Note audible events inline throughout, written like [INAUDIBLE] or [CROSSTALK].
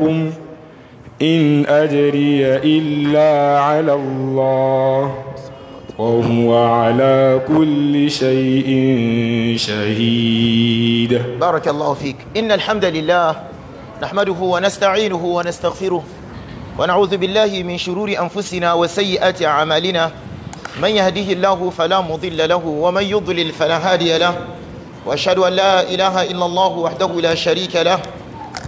إن أجري إلا على الله وهو على كل شيء شهيد بارك الله فيك إن الحمد لله نحمده ونستعينه ونستغفره ونعوذ بالله من شرور أنفسنا وسيئات أعمالنا من يهديه الله فلا مضل له ومن يضلل فلا هادي له وأشهد أن لا إله إلا الله وحده لا شريك له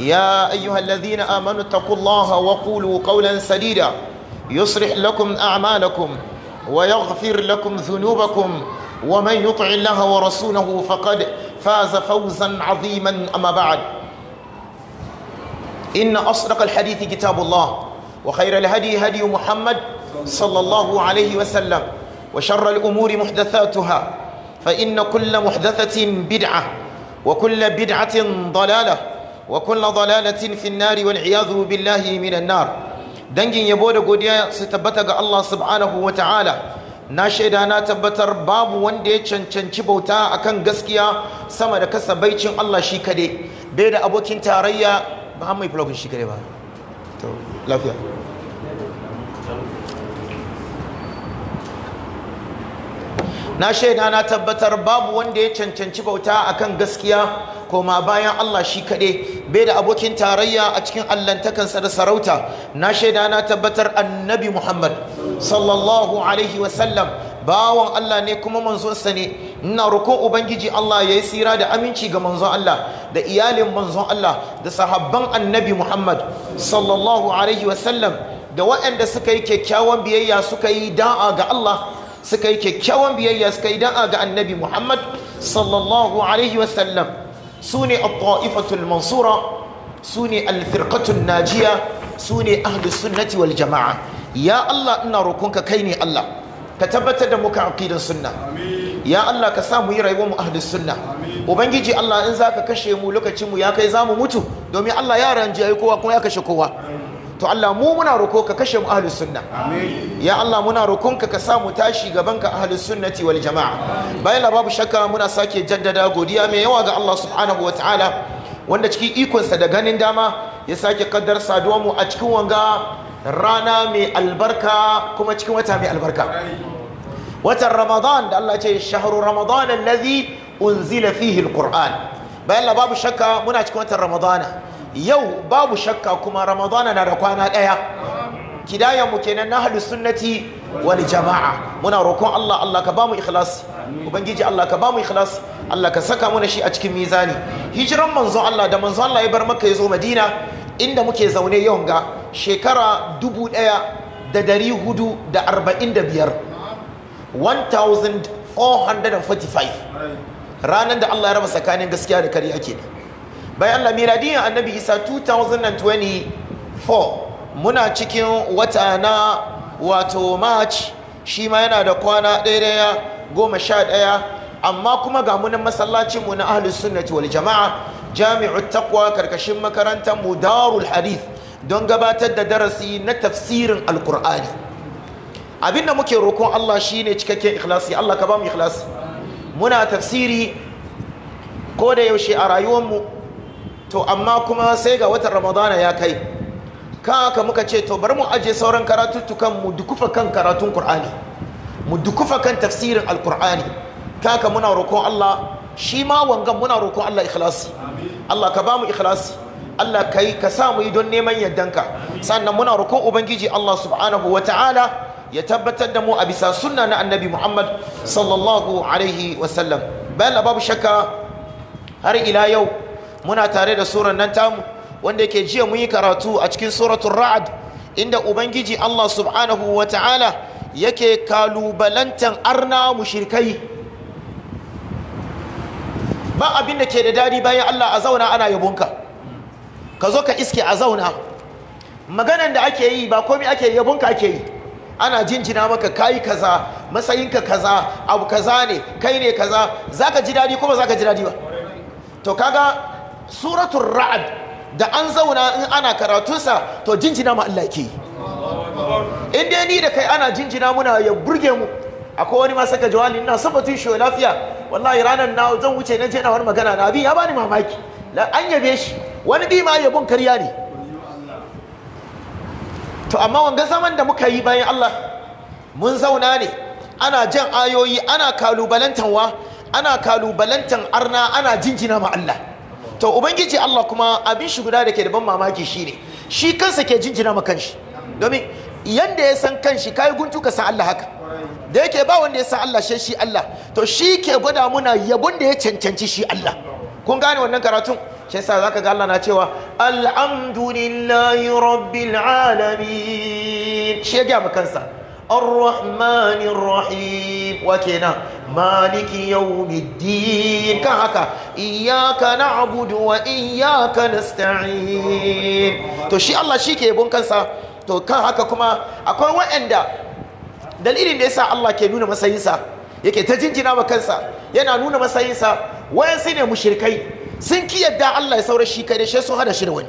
يا أيها الذين آمنوا اتقوا الله وقولوا قولا سديدا يصلح لكم أعمالكم ويغفر لكم ذنوبكم ومن يطع الله ورسوله فقد فاز فوزا عظيما أما بعد إن أصدق الحديث كتاب الله وخير الهدي هدي محمد صلى الله عليه وسلم وشر الأمور محدثاتها فإن كل محدثة بدعة وكل بدعة ضلالة wa وكل ضلالة في النار والعياذ billahi minan nar dangin yabo da godiya su tabbata ga Allah subhanahu wa ta'ala na shaida na tabbatar babu wanda ya cancanci bauta akan gaskiya sama da kasabaicin Allah shi kade bai da abokin tarayya ba mai shi kade ba lafiya na shaida na tabbatar babu wanda ya cancanci bauta akan gaskiya koma bayan Allah shi kaɗai bai da abokin tarayya a cikin allantakansa da sarauta na shaida na tabbatar annabi Muhammad sallallahu alaihi wasallam bawan Allah ne kuma manzonsa ne ina roƙon ubangiji Allah ya yi tsira da aminci ga manzon Allah da iyalin manzon Allah da sahabban annabi Muhammad sallallahu alaihi wasallam da waɗanda suka yi kyakkyawan biyayya suka yi da'a ga Allah suka yi kyakkyawan biyayya suka yi da'a ga annabi muhammad sallallahu alaihi wasallam su ne a ƙwa'ifatul mansura su ne alfirkatun najiya su ne ahlus sunnati wal jama'a ya allah ina rokonka kai ne allah ka tabbatar da muka aqidan sunna ya allah ka sa mu yi rayuwar mu ahlus sunna ubangiji allah in za ka kashe mu lokacin mu ya kai za mu mutu domin allah ya ranji kowa kuma ya kashe kowa to Allah mu muna roko ka kashe mu ahlus sunna ya Allah muna rokon ka ka sa mu tashi gaban ka ahlus sunnati wal jama'a bayan babu shakka muna sake jaddada godiya mai yawa ga Allah subhanahu wa ta'ala wanda cikin ikonsa da ganin dama ya sake kaddar saduwa mu a cikin wanga rana mai albarka kuma cikin wata mai albarka watan ramadan da Allah ce shahru ramadan allazi unzila fihi alquran bayan babu shakka muna cikin watan ramadana yau babu shakka kuma ramadana na da kwana ɗaya kidayan mu kenan na hadu sunnati wal jama'a muna roƙon Allah Allah ka bamu ikhlas ubangiji Allah ka bamu ikhlas Allah ka saka muna shi a cikin mizani hijran manzon Allah da manzon Allah ya bar maka ya zo Madina inda muke zaune yau ga shekara dubu ɗaya da dari hudu da arba'in da biyar 1445 ranar da Allah ya raba tsakanin gaskiya da kariya kenan bayan Allah annabi isa 2024 muna cikin wata na wato march shi ma yana da kwana ɗaya goma sha ɗaya amma kuma ga munan masallacin mu na ahlus sunnati wal jama'a jami'ut taqwa karkashin makarantar mu darul hadith don gabatar da darasi na tafsirin alkur'ani abinda muke roƙon Allah shine cikakken ikhlasi Allah ka ba mu ikhlasi muna tafsiri ko da yaushe a rayuwar mu to amma kuma sai ga watan ramadana ya kai ka muka ce to bari mu aje sauran karatuttukan mu dukufa kan karatun qur'ani mu dukufa kan tafsirin alqur'ani ka haka muna roƙon Allah shi ma wangan muna roƙon Allah ikhlasi Allah ka ba mu ikhlasi Allah kai ka sa mu yi don neman yardanka sannan muna roƙon ubangiji Allah subhanahu wataala ya tabbatar da mu a bisa sunna na annabi muhammad sallallahu alaihi wasallam bayan babu shakka har ila yau muna tare da surar nan tamu wanda yake jiya mun yi karatu a cikin suratul ra'ad inda ubangiji Allah subhanahu wa ta'ala yake kalubalantan arna mushrikai ba abin da ke da dadi bayan Allah a zauna ana yabonka ka zo ka iske a zauna maganan da ake yi ba komai ake yabonka ake yi ana jinjina maka kayi kaza matsayinka kaza abu kaza ne kai ne kaza zaka ji dadi kuma ba zaka ji dadi ba to kaga Suratun ra'ad da an zauna in ana karatunsa to jinjina ma Allah ke in dai ni da kai ana jinjina muna ya burge mu akwai wani ma saka jawali ina sabatun shi lafiya wallahi ranar na zan wuce na je na wani magana na bi ya bani mamaki an yabe shi wani bi ma yabon karya ne to amma wanga zaman da muka yi bayan Allah mun zauna ne ana jan ayoyi ana kalubalantanwa ana kalubalantan arna ana jinjina ma Allah to ubangiji Allah kuma abin shi guda da ke da ban mamaki shi ne shi kansa ke jinjina ma kanshi domin yanda ya san kanshi kai guntu ka san Allah haka da yake ba wanda ya san Allah shi shi Allah to shi ke gwada muna yabon da ya cancanci shi Allah kun gane wannan karatun shi yasa zaka ga Allah na cewa alhamdulillahi rabbil alamin shi ya ga kansa الرحمن الرحيم وكنا مالك يوم الدين كهكا إياك نعبد وإياك نستعين تو شي الله شي ke yabon kansa to kan haka kuma akwai waɗanda dalilin da yasa Allah ke nuna masayinsa yake ta jinjirawa kansa yana nuna masayinsa wayansu ne mushrikai sun ki yadda Allah ya saura shi kai sai sun hada shi da wani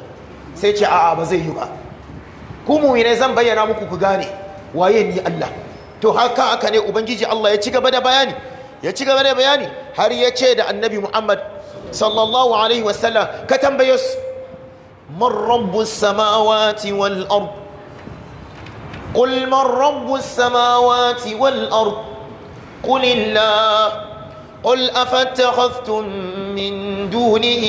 sai ce a'a ba zai yi ba ku mu'minai zan bayyana muku ku gane waye ni Allah to haka haka ne ubangiji Allah ya ci gaba da bayani ya ci gaba da bayani har ya ce da annabi Muhammad sallallahu alaihi wasallam ka tambaye su man rabbus samawati wal ard qul man rabbus samawati wal ard qul illah قل أفاتخذتم من دونه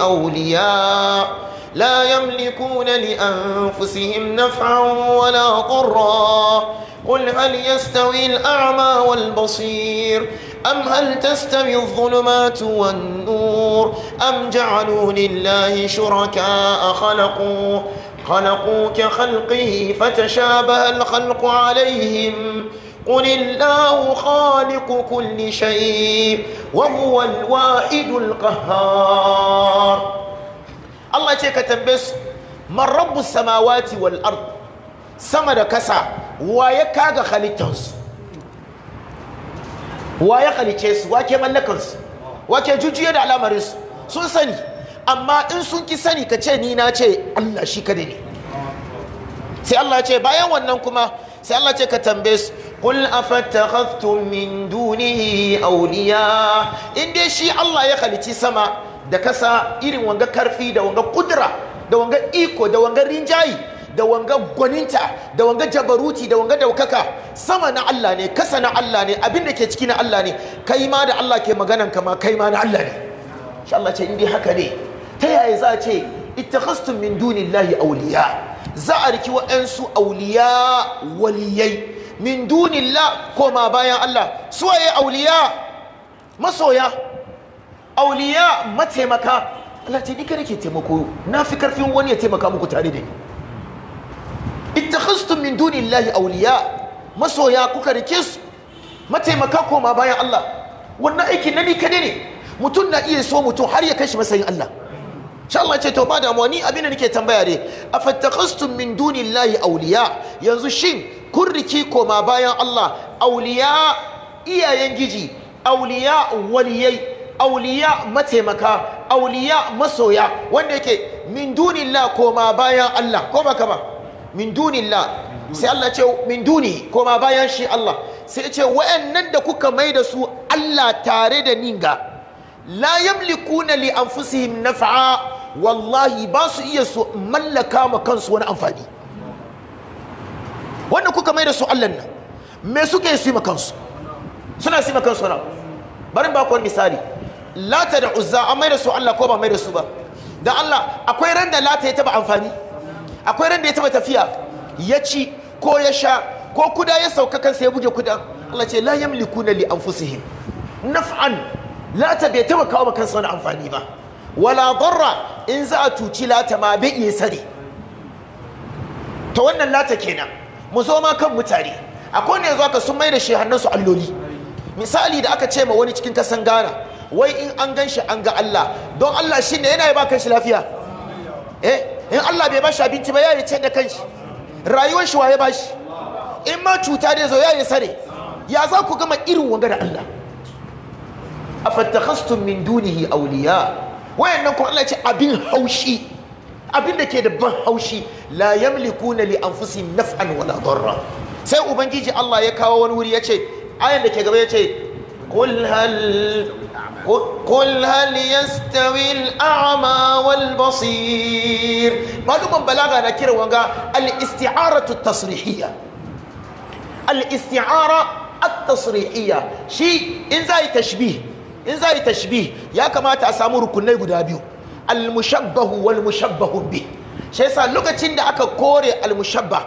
أولياء لا يملكون لأنفسهم نفعا ولا ضرا قل هل يستوي الأعمى والبصير أم هل تستوي الظلمات والنور أم جعلوا لله شركاء خلقوا خلقوا كخلقه فتشابه الخلق عليهم قل الله خالق كل شيء وهو الواحد القهار Allah ce ka tambaye su man rabbu samawati wal ard sama da kasa waye kaga Wa waye halice su wake mallakan su wake jujuye da al'amarin su sun sani amma in sun ki sani ka ce ni na ce Allah shi kada ne sai Allah ce bayan wannan kuma sai Allah ce ka tambaye su قل أفتخذتم من دونه أولياء إن دي شي الله يخلي تسمى da kasa irin wanga karfi da wanga kudura da wanga iko da wanga rinjayi da wanga gwaninta da wanga jabaruti da wanga daukaka sama na Allah ne kasa na Allah ne abin da ke ciki na Allah ne kai ma da Allah ke maganan kama kai ma na Allah ne insha Allah ce indai haka ne ta yaya za a ce ittakhastum min dunillahi awliya za a riki waɗansu awliya waliyai min dunillah koma bayan Allah suwaye awliya masoya auliya mataimaka Allah ce ni kare ke taimako na fi karfin wani ya taimaka muku tare da ni ittakhastum min dunillahi auliya masoya kuka rike su mataimaka koma bayan Allah wannan aiki na ni kade ne mutum na iya so mutum har ya kashi masayin Allah insha Allah ce to ba damuwa ni abin da nake tambaya ne afattakhastum min dunillahi auliya. yanzu shin kun rike koma bayan Allah Auliya iyayen giji Auliya waliyai auliya mataimaka auliya masoya wanda yake min dunillah koma bayan Allah ko baka ba min dunillah sai Allah ce min duni koma bayan shi Allah sai ce wa'annan da kuka mai da su Allah tare da ninga la yamlikuna li anfusihim naf'a wallahi ba su iya su mallaka ma kansu wani amfani wanda kuka mai da su Allah nan me suke su yi ma kansu suna su yi ma kansu na bari ba ku wani misali lata da uzza an mai da su Allah ko ba mai da su ba dan Allah akwai ran da lata ya taba amfani akwai ran da ya taba tafiya ya ci ko ya sha ko kuda ya sauka kansa ya buge kuda. Allah ce la yamlikuna li anfusihim naf'an lata bai taba kawo ba kansa wani amfani ba wala darra in za a tuci lata ma bai iya sare ta wannan lata kenan mu zo ma kan mutane akwai ne zaka sun mai da shi hannunsu alloli misali da aka ce ma wani cikin kasan Ghana wai in an gan shi an ga Allah don Allah shi ne yana yi ba kanshi lafiya eh in Allah bai bashi abinci ba ya yi da kanshi rayuwar shi waye bashi in ma cuta dai zo ya yi sare ya za ku gama irin wanga da Allah afattakhastum min dunihi awliya wayannan kuma Allah ce abin haushi abin da ke da ban haushi la yamlikuna li anfusihim naf'an wala darra sai ubangiji Allah ya kawo wani wuri ya ce ayan da ke gaba ya ce قل هل قل هل يستوي الأعمى والبصير ما معلومة بلاغة نكير وانغا الاستعارة التصريحية الاستعارة التصريحية شيء إن زاي تشبيه إن زاي تشبيه يا كما تأسامو ركني قدابيو المشبه والمشبه به شيء سألوك تشند أكا كوري المشبه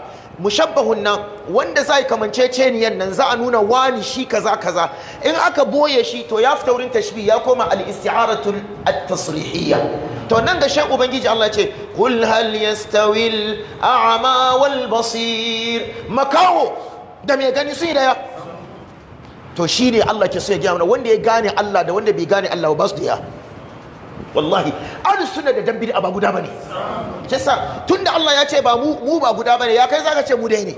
mushabbahun nan wanda zai kamance ceniyan nan za a nuna wani shi kaza kaza in aka boye shi to ya fita wurin tashbi ya koma al-isti'aratul at-tasrihiyya to nan ga shan ubangiji Allah ce kul hal yastawi al-a'ma wal basir makaho da me gani sun daya to shine Allah ke so ya gaya mana wanda ya gane Allah da wanda bai gane Allah ba su da ya wallahi an suna da dan bid'a ba guda bane tun tunda Allah ya ce ba mu mu ba guda bane ya kai zaka ce mu dai ne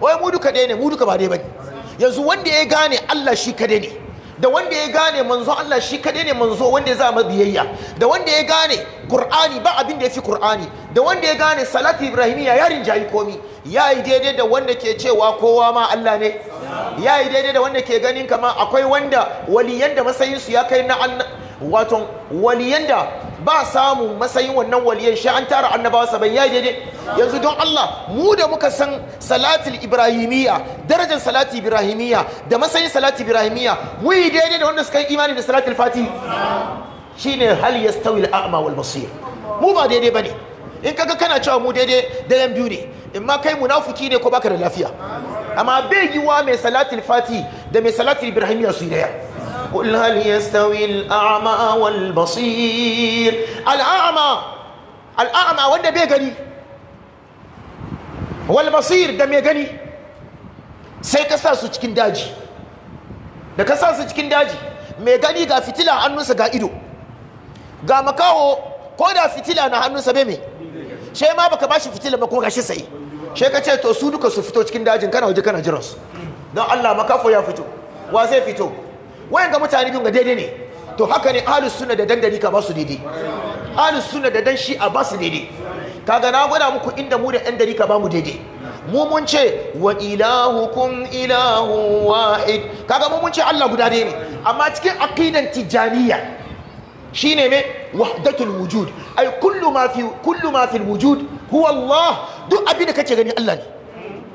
wai mu duka dai ne mu duka ba dai bane yanzu wanda ya gane Allah shi kadai ne da wanda ya gane manzo Allah shi kadai ne manzo wanda ya zama biyayya da wanda ya gane Qur'ani ba abin da yafi Qur'ani da wanda ya gane salatu ibrahimiya ya rinjayi komi yi daidai da wanda ke cewa kowa ma Allah ne Ya yi daidai da wanda ke ganin kama akwai wanda waliyan da matsayin su ya kai na Waton waliyan da ba samu matsayin wannan waliyan shi an tara annabawa saban ya daidai yanzu don Allah mu da muka san salatul ibrahimiyya darajar salatul ibrahimiyya da matsayin salatul ibrahimiyya mu yi daidai da wanda suka yi imani da salatul fati shine hal yastawi al-a'ma wal basir mu ba daidai bane in kaga kana cewa mu daidai da yan biyu ne in ma kai munafuki ne ko baka da lafiya amma bai yiwa mai salatul Fati da mai salatul ibrahimiyya su yi daya قل هل يستوي الأعمى والبصير الأعمى الأعمى وده بيغني والبصير ده ميغني سيكساسو cikin داجي da ka sa su cikin daji mai gani ga fitila hannunsa ga ido ga makawo ko da fitila na hannunsa bai mai shi ma baka bashi fitila ba ko gashi sai shi ka ce to su duka su fito cikin dajin kana waje kana su, don Allah makafo ya fito wa zai fito wayan ga mutane biyun ga daidai ne to haka ne ahlus sunna da dan ka ba su daidai ahlus sunna da dan shi'a ba su daidai kaga na gwada muku inda mu da yan ka ba mu daidai mu mun ce wa ilahukum ilahu wahid kaga mu mun ce Allah guda ne amma cikin aqidan tijaniya shine me wahdatul wujud ay kullu ma fi kullu ma wujud huwa Allah duk abin da kake gani Allah ne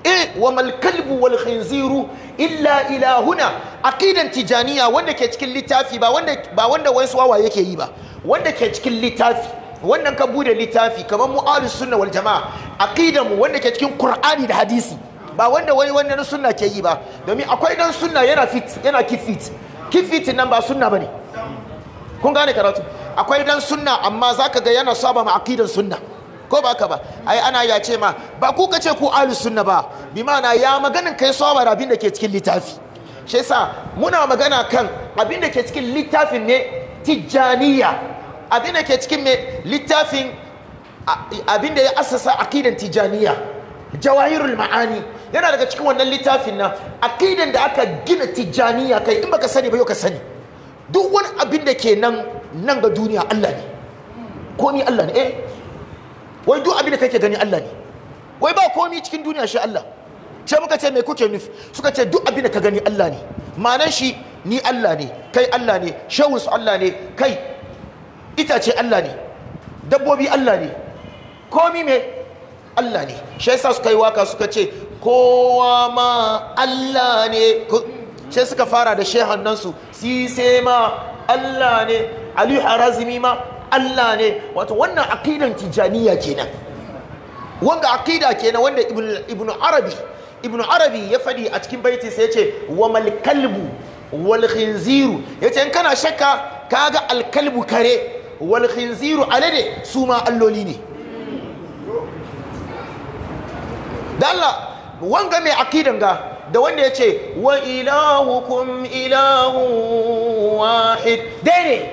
eh wa mal kalbu wal khinziru illa ilahuna aqidan tijaniya wanda ke cikin littafi ba wanda ba wanda wai suwawa yake yi ba wanda ke cikin littafi wannan ka bude littafi kamar mu ahlus sunna wal jamaa aqidan mu wanda ke cikin qur'ani da hadisi ba wanda wani wanda sunna ke yi ba domin akwai dan sunna yana fit yana kifit kifit nan ba sunna bane kun gane karatu akwai dan sunna amma zaka ga yana saba ma aqidan sunna ko ba ka ba ai ana ya ce ma ba ku ka ce ku ahlus sunna ba bi ma'ana ya maganin kai sabar abin da ke cikin littafi shi yasa muna magana kan abin da ke cikin littafin ne tijaniya abin da ke cikin me littafin abin da ya assasa aqidan tijaniya jawahirul ma'ani yana daga cikin wannan littafin na aqidan da aka gina tijaniya kai in baka sani ba yau ka sani duk wani abin da ke nan nan ga duniya Allah ne ko ni Allah ne eh wai duk abin da kake gani Allah ne wai ba komi cikin duniya shi Allah sai muka ce me kuke nufi suka ce duk abin da ka gani Allah ne ma'anar shi ni Allah ne kai Allah ne su Allah ne kai itace Allah ne dabbobi Allah ne komi me Allah ne shi yasa suka yi waka suka ce kowa ma Allah ne sai suka fara da shehan nan su ma Allah ne Ali Harazimi ma Allah ne wato wannan aqidan tijaniya kenan wanda aqida kenan wanda ibn arabi ibn arabi ya fadi a cikin baiti sai yace wa mal kalbu wal khinziru yace in kana shakka kaga al kalbu kare wal khinziru alade su ma alloli ne dalla wanga mai aqidan ga da wanda ya ce wa ilahukum ilahu wahid dai ne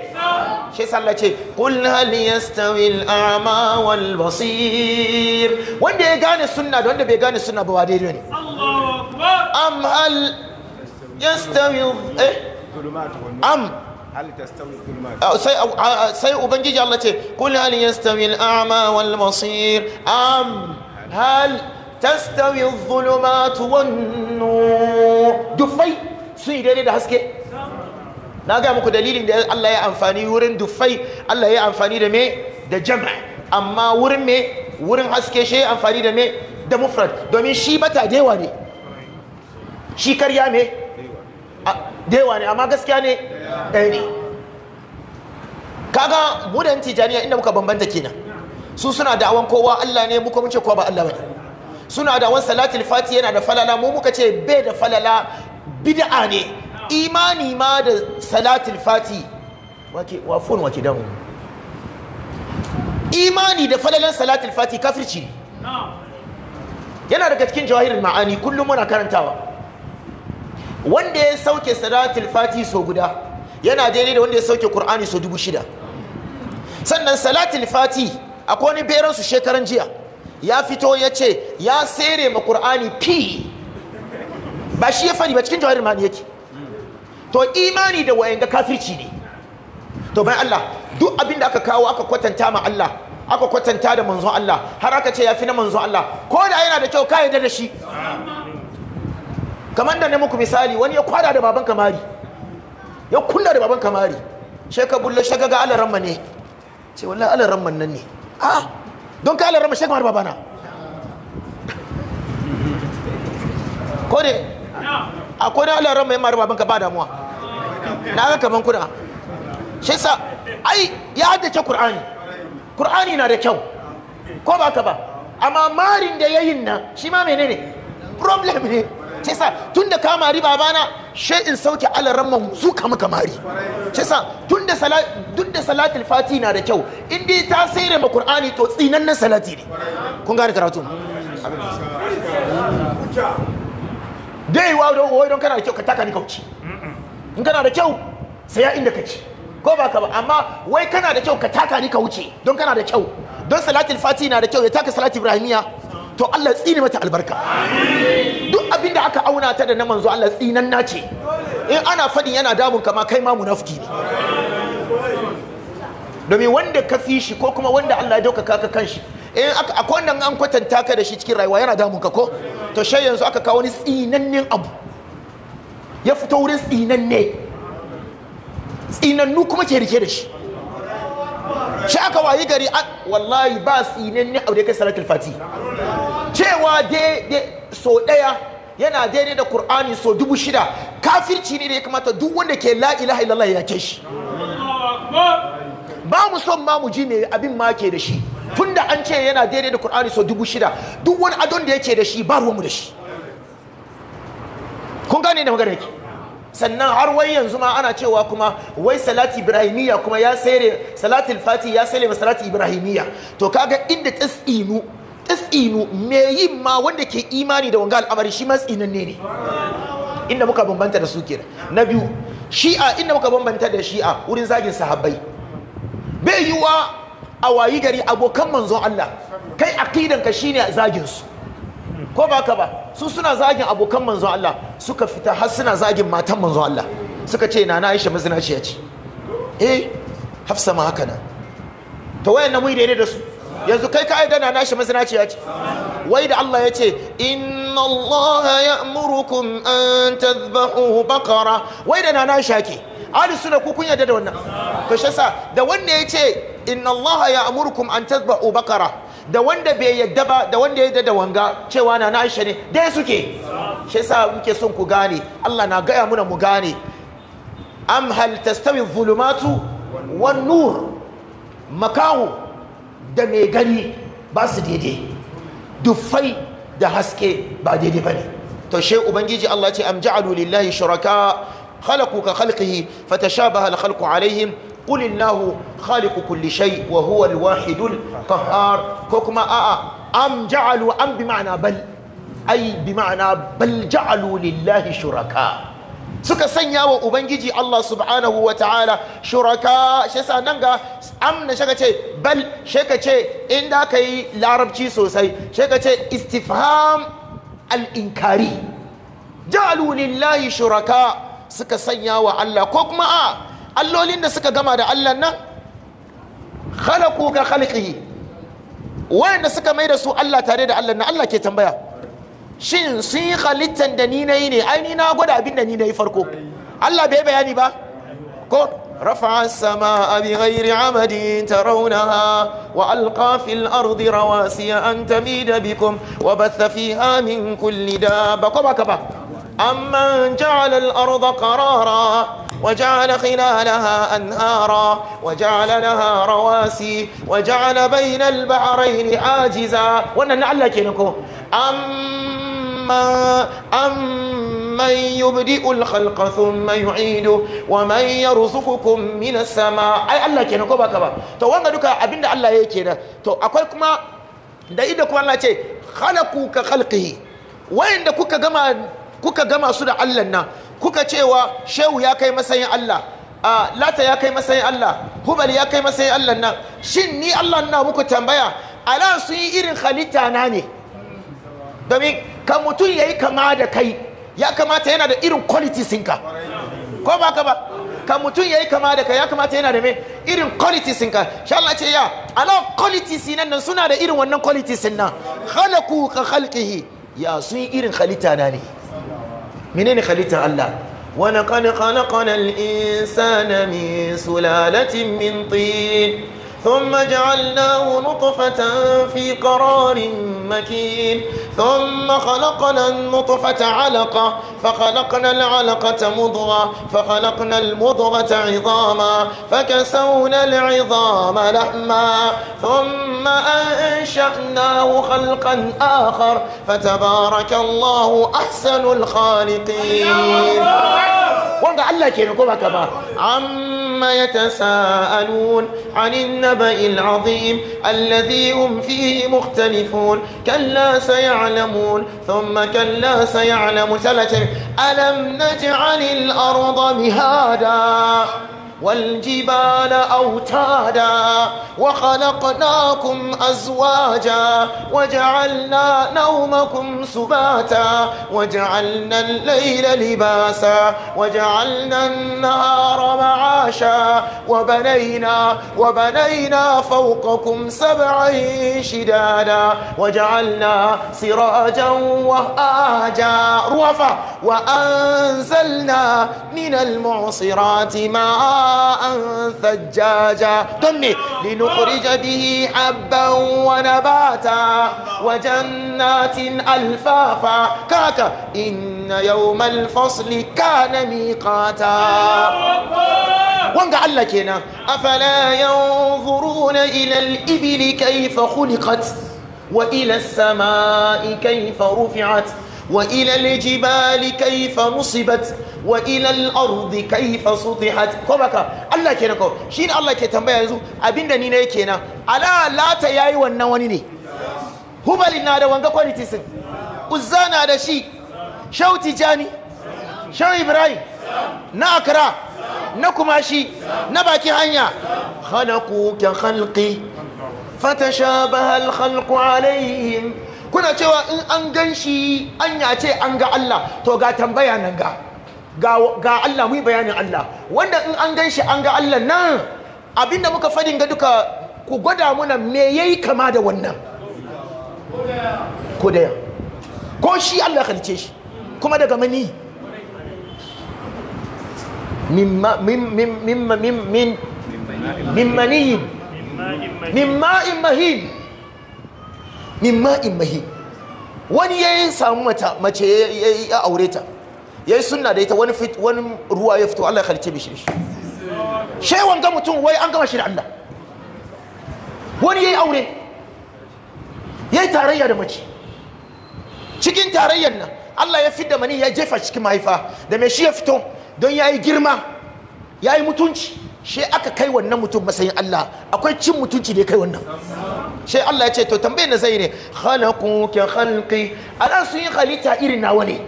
shi sallah ce kul hal yastawi ama wal basir wanda ya gane sunna da wanda bai gane sunna ba wadai ne am hal Yastawil. eh am ah, ah, ah, sai ubangiji Allah ce kul hal yastawi ama wal basir am hal tastawi adh-dhulumatu wan-nur dufai sun yi daidai da haske na ga muku dalilin da Allah ya amfani wurin dufai Allah ya amfani da me da jama' amma wurin me wurin haske shi ya amfani da me da mufrad domin shi bata dewa ne shi karya me dewa ne amma gaskiya ne ɗaya ne kaga mu da tijaniya inda muka bambanta kenan su suna da da'awan kowa Allah ne mu mun ce kowa ba Allah ba ne. suna da wani salatul fati yana da falala mu muka ce bai da falala bid'a ne imani ma da salatul fati wake fon wake damu imani da falalan salatul fati kafirci yana daga cikin jawahirin ma'ani kullum muna karantawa wanda ya sauke salatul fati so guda yana daidai da wanda ya sauke qur'ani so dubu shida sannan salatul fati akwai wani beransu shekaran jiya ya fito ya ce ya tsere ma ƙur'ani fi ba shi ya fari ba cikin jawahir ma'ani yake to imani da wayanga kafirci ne to bai Allah duk abin da aka kawo aka kwatanta ma Allah aka kwatanta da manzon Allah har aka ce ya fi na manzon Allah ko da yana da kyau ka yarda da shi kamar da ne muku misali wani ya kwada da baban kamari ya kulla da baban kamari sai ka bulle shaka ne ce wallahi alaramman nan ne ah don ka alarama shek mahar babana ko ne akwai na alarama ya mahar babanka ba damuwa na ga kaman kuna shi sa ai ya haddace Kur'ani. Kur'ani na da kyau ko ba ka ba amma marin da yayin nan shi ma menene problem ne shi sa tun da kama riba bana she in sauke alaran man su kama kamari shi sa tun da duk da salatul fati na da kyau in dai ta sayar ma qur'ani to tsinannen salati ne kun gane karatu dai wa don wai don kana da kyau ka taka ni kauci in kana da kyau saya inda kace ko ba ka ba amma wai kana da kyau ka taka ni ka wuce don kana da kyau don salatul fati na da kyau ya taka salatul ibrahimiya to Allah tsini mata albarka duk abin da aka auna ta da na manzo Allah tsinan na ce in ana fadin yana damun kama kai ma munafiki ne domin wanda ka fi shi ko kuma wanda Allah ya daukaka ka kan shi in akwai wannan an kwatanta ka da shi cikin rayuwa yana damun ka ko to shai yanzu aka kawo wani tsinannen abu ya fito wurin tsinanne tsinannu kuma ke rike da shi shi aka wayi gari wallahi ba tsinen ni aure kai salatul fati cewa dai so daya yana daidai da qur'ani so dubu shida kafirci ne da ya kamata duk wanda ke la ilaha illallah ya ce shi ba mu son ma mu ji me abin ma ke da shi tunda an ce yana daidai da qur'ani so dubu shida duk wani adon da yake da shi ba ruwanmu da shi kun gane da magana yake sannan har wai yanzu ma ana cewa kuma wai salati ibrahimiyya kuma ya sere salatul fati ya sere salati ibrahimiyya to kaga inda tasinu tasinu me yin ma wanda ke imani da wanga al'amari shi matsinin ne ne inda muka bambanta da su kenan na biyu shi'a inda muka bambanta da shi'a wurin zagin sahabbai bai yiwa a wayi gari abokan manzon Allah kai aqidanka shine zagin su ko ba ka ba su suna zagin abokan manzon Allah suka fita har suna zagin matan manzon Allah suka ce na na Aisha mazinaciya ce eh Hafsa ma haka nan to wayan nan mu daidai da su yanzu kai ka aida na na Aisha mazinaciya ce wai da Allah ya ce inna Allah ya'murukum an tadhbahu baqara wai da na na Aisha ke Ali suna ku kun yarda da wannan to shi da wanda ya ce inna Allah ya'murukum an tadhbahu baqara da wanda bai yadda ba da wanda ya yadda da wanga cewa na na Aisha ne dai suke shi yasa muke son ku gane Allah na gaya muna mu gane am hal tastawi dhulumatu wan nur makahu da mai gani ba su daidai dufai da haske ba daidai bane to Taushe ubangiji Allah ce am ja'alu lillahi shuraka خلقوا كخلقه فتشابه الخلق عليهم qul illahu khaliqu kulli shay wa huwa al-wahidul qahhar ko kuma a'a am bi ma'ana bal ai lillahi shuraka suka sanya wa ubangiji Allah subhanahu wa ta'ala shuraka shi sa nan ga amna shi ce bal shi ce inda ka yi larabci sosai shi ce istifham al-inkari ja'alu lillahi shuraka suka sanya wa Allah ko kuma a allolin da suka gama da Allah nan khalaqu ka khalqihi wanda suka mai da su Allah tare da Allah nan Allah ke tambaya shin sun yi halittan da ni nayi ne ai ni na gwada abin da ni nayi farko Allah bai bayani ba ko رفع السماء بغير عمد ترونها وألقى في الأرض رواسي أن تميد بكم وبث فيها من كل دابة كما كما أمن جعل الأرض قرارا وجعل خلالها أنهارا وجعل لها رواسي وجعل بين البحرين عاجزا wannan na Allah kenan ko amma amman yubdi'ul khalqa thumma yu'idu wa man yarzuqukum minas sama ai Allah kenan ko baka ba to wanga duka abinda Allah yake kenan to akwai kuma da kuma Allah ce khalaqu ka khalqihi wayanda kuka gama su da Allah nan kuka cewa shehu ya kai matsayin Allah a lata ya kai matsayin Allah hubal ya kai matsayin Allah nan shin ni Allah na muku tambaya ala su yi irin halitta na ne domin ka mutum ya yi kama da kai ya kamata yana da irin qualities sinka ko ba ka ba ka mutum ya yi kama da kai ya kamata yana da me irin qualities sinka sha Allah ce ya ala qualities sinan nan suna da irin wannan qualities nan khalaqu ka khalqihi ya sun yi irin halitta na ne menene halittar Allah wani kan khalaqana al-insana sulalatin min ثم جعلناه نطفة في قرار مكين ثم خلقنا النطفة علقة فخلقنا العلقة مضغة فخلقنا المضغة عظاما فكسونا العظام لحما ثم أنشأناه خلقا آخر فتبارك الله أحسن الخالقين wanga Allah ke ko ثم يتساءلون عن النبأ العظيم الذي هم فيه مختلفون كلا سيعلمون ثم كلا سيعلمون ألم نجعل الأرض مهادا والجبال أوتادا وخلقناكم أزواجا وجعلنا نومكم سباتا وجعلنا الليل لباسا وجعلنا النهار معاشا وبنينا وبنينا فوقكم سبعا شدادا وجعلنا سراجا وهاجا رفا وأنزلنا من المعصرات ماء ثجاجا تمي لنخرج به حبا ونباتا وجنات الفافا كاكا ان يوم الفصل كان ميقاتا وانقع لك هنا افلا ينظرون الى الابل كيف خلقت والى السماء كيف رفعت وإلى الجبال كيف نصبت وإلى الأرض كيف سطحت كوبكا الله كينا كو شين الله كي تنبيه يزو أبين دني ني كينا ألا لا تياي ونواني ني هبل نادا وانغا كواليتي سن أزانا هذا شي شو تجاني شو إبراهيم نأكرا نكماشي نباكي هنيا خلقوك خلقي فتشابه الخلق عليهم kuna cewa in an gan shi an ce an ga Allah to ga tambaya nan ga ga Allah mu bayanin Allah wanda in an gan shi an ga Allah nan abinda muka fadin ga duka ku gwada muna me yayi kama da wannan ko da ko shi Allah halice shi kuma daga mani min min min min min min min min min ma'in mahin wani ya yi samu mace ya aure ta ya yi suna da ita wani ruwa ya fito Allah ya halice bishi shi shewan ga mutum wai an gama shi da Allah wani ya yi aure ya yi tarayya da mace cikin tarayyar nan Allah ya fidda mani ya jefa cikin mahaifa da mai shi ya fito don ya yi girma ya yi mutunci she aka kai wannan mutum matsayin Allah akwai cin mutunci da ya kai wannan she Allah ya ce to tambayi na zai ne khalaqu khalqi ala sun yi halitta irin nawa ne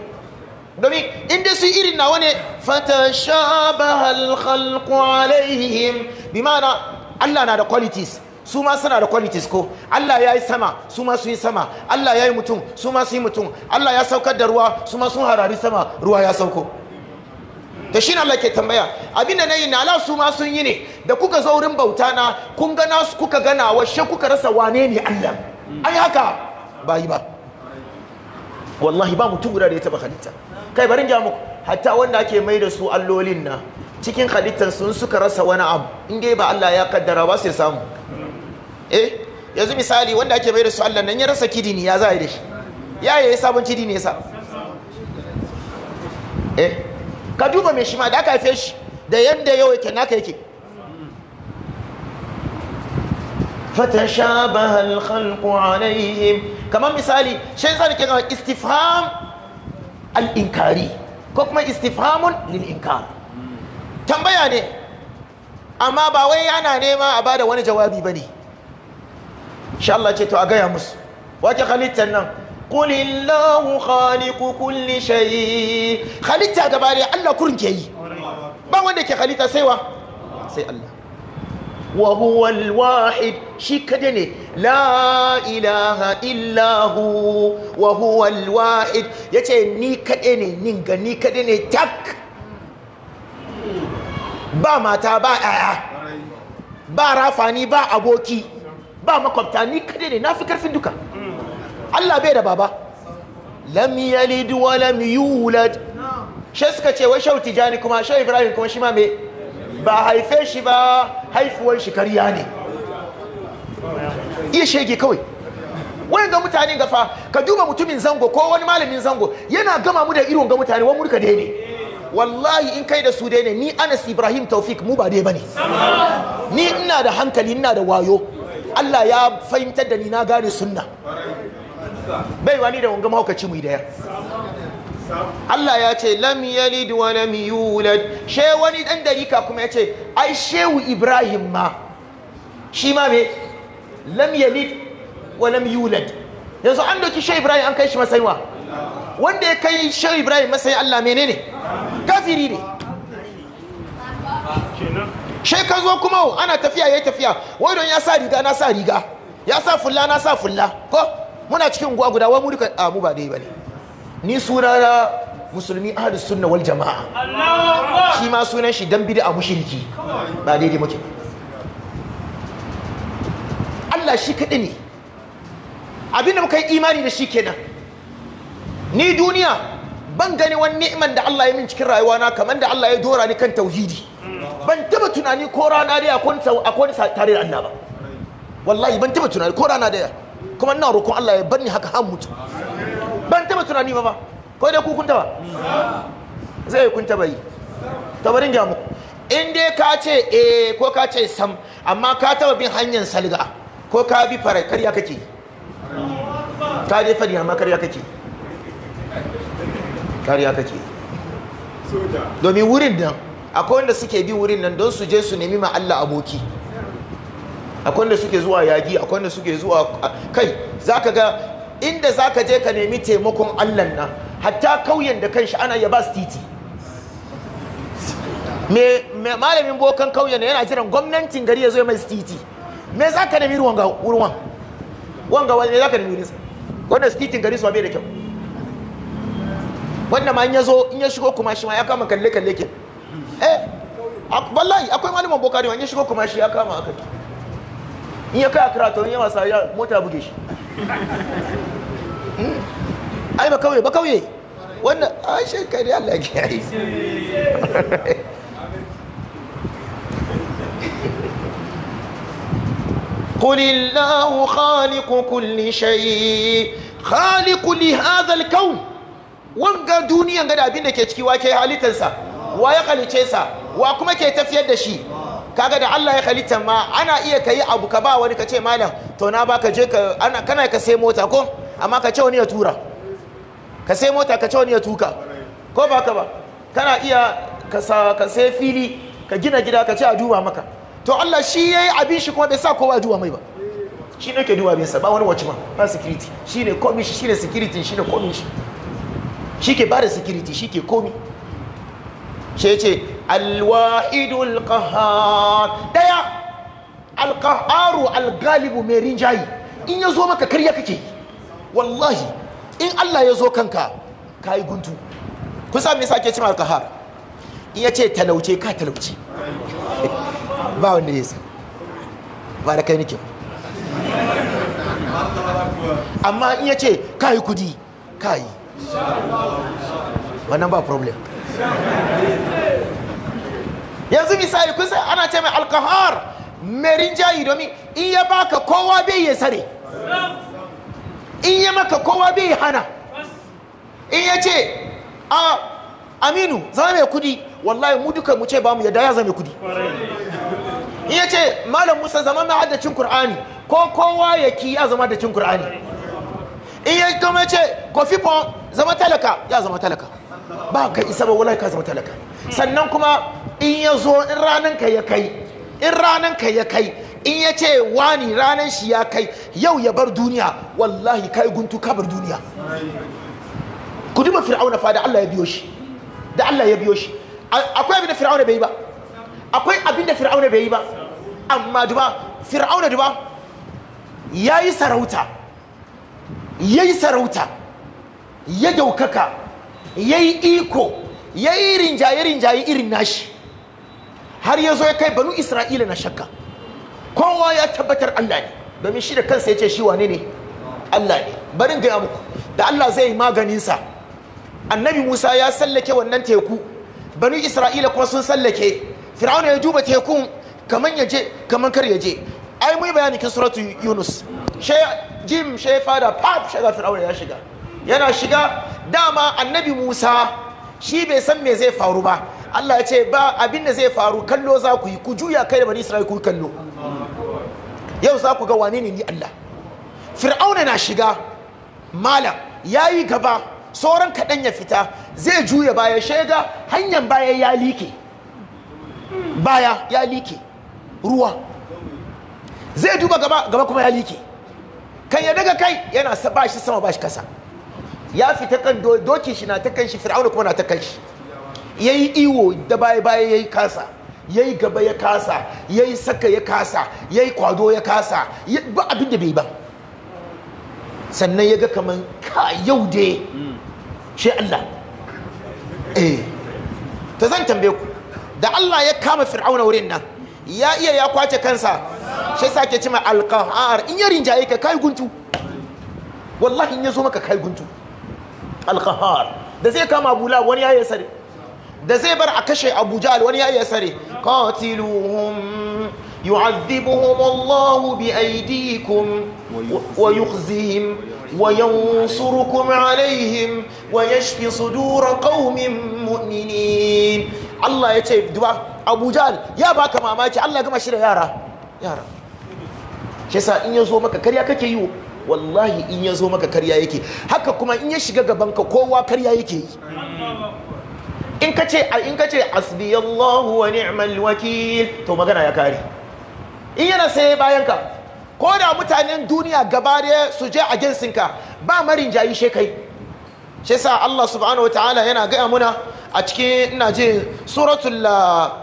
domin in dai sun irin nawa ne fatashabaha al-khalqu alaihim bi ma'ana Allah na da qualities su ma suna da qualities ko Allah ya yi sama su ma su yi sama Allah ya yi mutum su ma su yi mutum Allah ya saukar da ruwa su ma sun harari sama ruwa ya sauko to shi Allah ke tambaya Abinda da na la su ma sun yi ne da kuka zo wurin bauta na kun ga nasu kuka gana washe kuka rasa wane ne Allah ai haka ba yi ba wallahi ba mutum guda da ya taba halitta kai barin ga muku hatta wanda ake mai da su allolin na cikin halittar sun suka rasa wani abu in dai ba Allah ya kaddara ba sai samu eh yanzu misali wanda ake mai da su Allah nan ya rasa kidini ya za yi da shi ya yi sabon kidini ya sa eh ka duba mai shi ma da aka haife shi da yadda yau yake naka yake sha ba khalqu alaihim kamar misali shay zan kira zama istifam al'inkari ko kuma istifamun lil'inkar tambaya ne amma ba wai yana nema a bada wani jawabi ne ne. Allah ce to a gaya musu wake halittar nan qul illahu khaliqu kulli shay halitta gaba da Allah kurin ke yi ba wanda ke halitta sai wa sai Allah wa huwa shi kada ne la ilaha illa hu wa huwa al yace ni kada ne nin ni kada ne tak ba mata ba ba rafani ba aboki ba makwabta ni kaɗai ne na fi karfin duka Allah bai da baba lam yalid wa lam yulad shi suka ce wai shauti tijani kuma shau ibrahim kuma shi ma me ba haife shi ba haifuwar shi karya ne iya shege kawai wani ga mutane gafa ka duba mutumin zango ko wani malamin zango yana gama mu da irin ga mutane wani murka dai ne wallahi in kai da su dai ne ni anas ibrahim taufik mu ba dai bane ni ina da hankali ina da wayo Allah ya fahimtar da ni na gane sunna bai wani da wanga mahaukaci mu da Allah ya ce lam yalid wa lam yulad she wani dan dalika kuma ya ce ai shehu Ibrahim ma shi ma me lam yalid wa lam yulad yanzu an doki shehu Ibrahim an kai shi masaiwa wanda ya kai shehu Ibrahim masai Allah menene kafiri ne she ka zo kuma ana tafiya yayi tafiya wai don ya sa riga na sa riga ya sa fulla na sa fulla ko muna cikin guwa guda wani mu duka ba mu ba dai bane ni sunana musulmi ahadu sunna wal jama'a shi ma sunan shi dan a mushirki ba daidai muke Allah shi kaɗi ne abin da muka yi imani da shi kenan ni duniya ban gani wani ni'man da Allah ya min cikin rayuwa na kamar da Allah ya dora ni kan tauhidi ban taba tunani ko rana daya akwai tare da annaba wallahi ban taba tunani ko rana daya kuma ina roƙon Allah ya bar ni haka har mutu ban taba tunani ba ba ko dai ku kun ba zai kun kunta yi to bari ga in dai ka ce eh ko ka ce sam amma ka taba bin hanyar salga ko ka bi farai karya kake ka dai fadi amma karya kake karya kake domin wurin nan akwai wanda suke bi wurin nan don su je su nemi ma Allah aboki akwai da suke zuwa yagi akwai da suke zuwa kai zaka ga inda zaka je ka nemi taimakon allan nan hatta kauyen da kanshi ana ya ba su titi me malamin bokan kauyen yana jiran gwamnatin gari ya zo mai titi me ka nemi ruwan ruwan wanga wani za ka nemi ruwan wanda titin gari su bai da kyau wanda ma in ya zo in ya shigo kuma shi ma ya kama kalle kalle ke eh wallahi akwai malamin bokari wani ya shigo kuma shi ya kama aka in ya kai a to in yawa sa mota buge shi hmm? ai ba kauye ba kauye wannan a shekari Allah ke yi قل الله خالق كل شيء خالق لهذا الكون wanga duniyan gada da abin da ke ciki wa ke halittarsa wa ya kalice sa wa kuma ke tafiyar da shi kaga da Allah ya halitta ma ana iya ka yi abu ka ba wani ka ce malam to na ba ka je ka ana kana ka sai mota ko amma ka ce wani ya tura ka sai mota ka ce wani ya tuka ko ba ka ba kana iya ka sa ka sai fili ka gina gida ka ce a duba maka to Allah shi yayi abin shi kuma bai sa kowa duba mai ba shi ne ke duba bai sa ba wani wacce ba security shi ne komi shi ne security shi ne komi shi shi ke ba da security shi ke komi shi ya ce alwahidul qahar daya alqaharu algalibu mai rinjayi in ya zo maka karya kake wallahi in Allah ya zo kanka ka yi guntu kun sa me cin alqahar in ya ce talauce ka talauce ba wanda ya san ba da kai nake amma in ya ce ka yi kudi ka yi wannan ba problem yanzu misali kun san ana ce mai alkahar mai rinjayi domin in ya baka kowa bai ya sare in ya maka kowa bai hana in ya ce a aminu zama mai kudi wallahi mu duka mu ce ba mu yadda ya zama kudi in ya ce malam musa zama mai haddacin kur'ani ko kowa ya ki ya zama da cin kur'ani in ya kuma ce kofi pon zama talaka ya zama talaka ba ka isa ba wallahi ka zama talaka sannan kuma in ya zo in ranan ka ya kai in ranan ka ya kai in ya ce wani ranan shi ya kai yau ya bar duniya wallahi kai guntu ka bar duniya ku duba fir'auna fa da Allah ya biyo shi da Allah ya biyo shi akwai abin da fir'auna bai yi ba akwai abin da fir'auna bai yi ba amma duba fir'auna duba ya sarauta yayi sarauta ya daukaka yayi iko yayi rinjaye-rinjaye irin nashi har ya zo ya kai banu isra'ila na shakka kowa ya tabbatar allah ne domin shi da kansa ya ce shi wane ne allah ne barin gaya muku da allah zai yi maganinsa annabi musa ya sallake wannan teku banu isra'ila kuma sun sallake fir'aun ya duba tekun kamar ya je kamar kar ya je ai mu bayani kin suratu yunus she jim she fada pap shiga fir'aun ya shiga yana shiga dama annabi musa shi bai san me zai faru ba Allah ya ce ba abin da zai faru kallo za ku yi ku juya kai da bani Isra'il ku kallo yau za ku ga wane ne ni Allah Fir'auna na shiga malam yayi gaba sauran kaɗan ya fita zai juya baya shega hanyar baya ya like baya ya like ruwa zai duba gaba gaba kuma ya like kan ya daga kai yana ba shi sama ba shi kasa ya fita kan dokin shi na ta kan shi fir'auna kuma na ta kan shi ya yi iwo da baya-baya ya yi kasa ya yi gaba ya kasa ya yi saka ya kasa ya yi kwado ya kasa ba abin da bai ba sannan ya ga kamar ka yau da hmm. shi Allah eh ta zan tambaye ku da Allah ya kama fir'auna wurin nan ya iya ya kwace kansa shi sake cima alqahar in ya rinjaye ka kai guntu wallahi in ya zo maka kai guntu alqahar da zai kama bula wani ya yi sare da zai bar a kashe abuja wani ya iya sare katiluhun yu'adibuhun allahu bi aidikun wa yuzihim wa yansurukum alaihim wa ya shi dura kaumin munini. allah ya ce duba abuja ya baka mamaki allah gama shi da yara yara shi sa in ya zo maka karya kake yi wallahi in ya zo maka karya yake haka kuma in ya shiga gabanka kowa karya yake yi in ka ce in ka ce hasbiyallahu wa ni'mal wakil to magana ya kare in yana sai bayan ka ko da mutanen duniya gaba da su je a jinsin ka ba marin jayi she kai shi sa Allah subhanahu wataala yana gaya muna a cikin ina je suratul ah,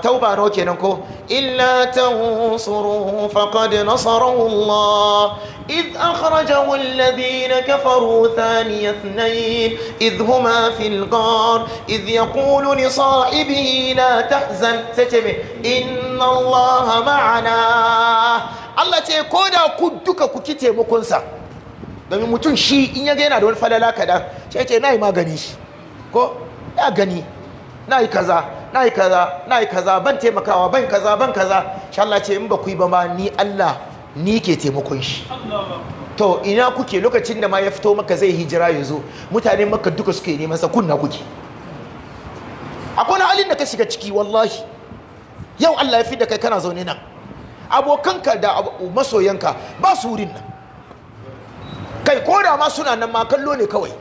tauba no kenan ko illa tansuru faqad nasarahu Allah إذ أخرجه الذين كفروا ثاني اثنين إذ هما في الغار إذ يقول لصاحبه لا تحزن ستبه إن الله معنا Allah ce ko da ku duka ku taimakonsa domin mutum shi in ya yana da wani falala kaɗan sai ce na yi magani shi ko ya gani na yi kaza na yi kaza na yi kaza ban taimakawa ban kaza ban kaza sha Allah ce in ba ku yi ba ma ni Allah ni ke taimakon shi to ina kuke lokacin da ma ya fito maka zai hijira ya zo mutane maka duka suke neman sa kunna kuke akwai halin da ka shiga ciki wallahi yau Allah ya fi da kai kana zaune nan abokanka da masoyanka ba su wurin nan kai ko da ma suna nan ma kallo ne kawai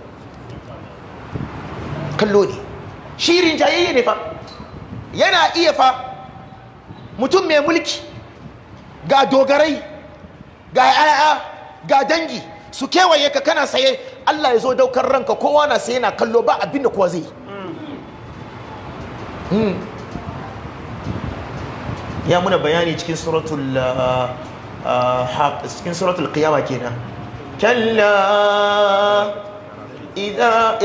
kallo ne shirin jayayye ne fa yana iya fa mutum mai mulki ga dogarai ga ya'ya ga dangi su kewaye ka kana saye Allah ya zo daukar ranka kowa na saye na kallo ba abin da kowa zai hmm. ya muna bayani cikin suratul uh, uh, cikin suratul qiyama kenan kalla idan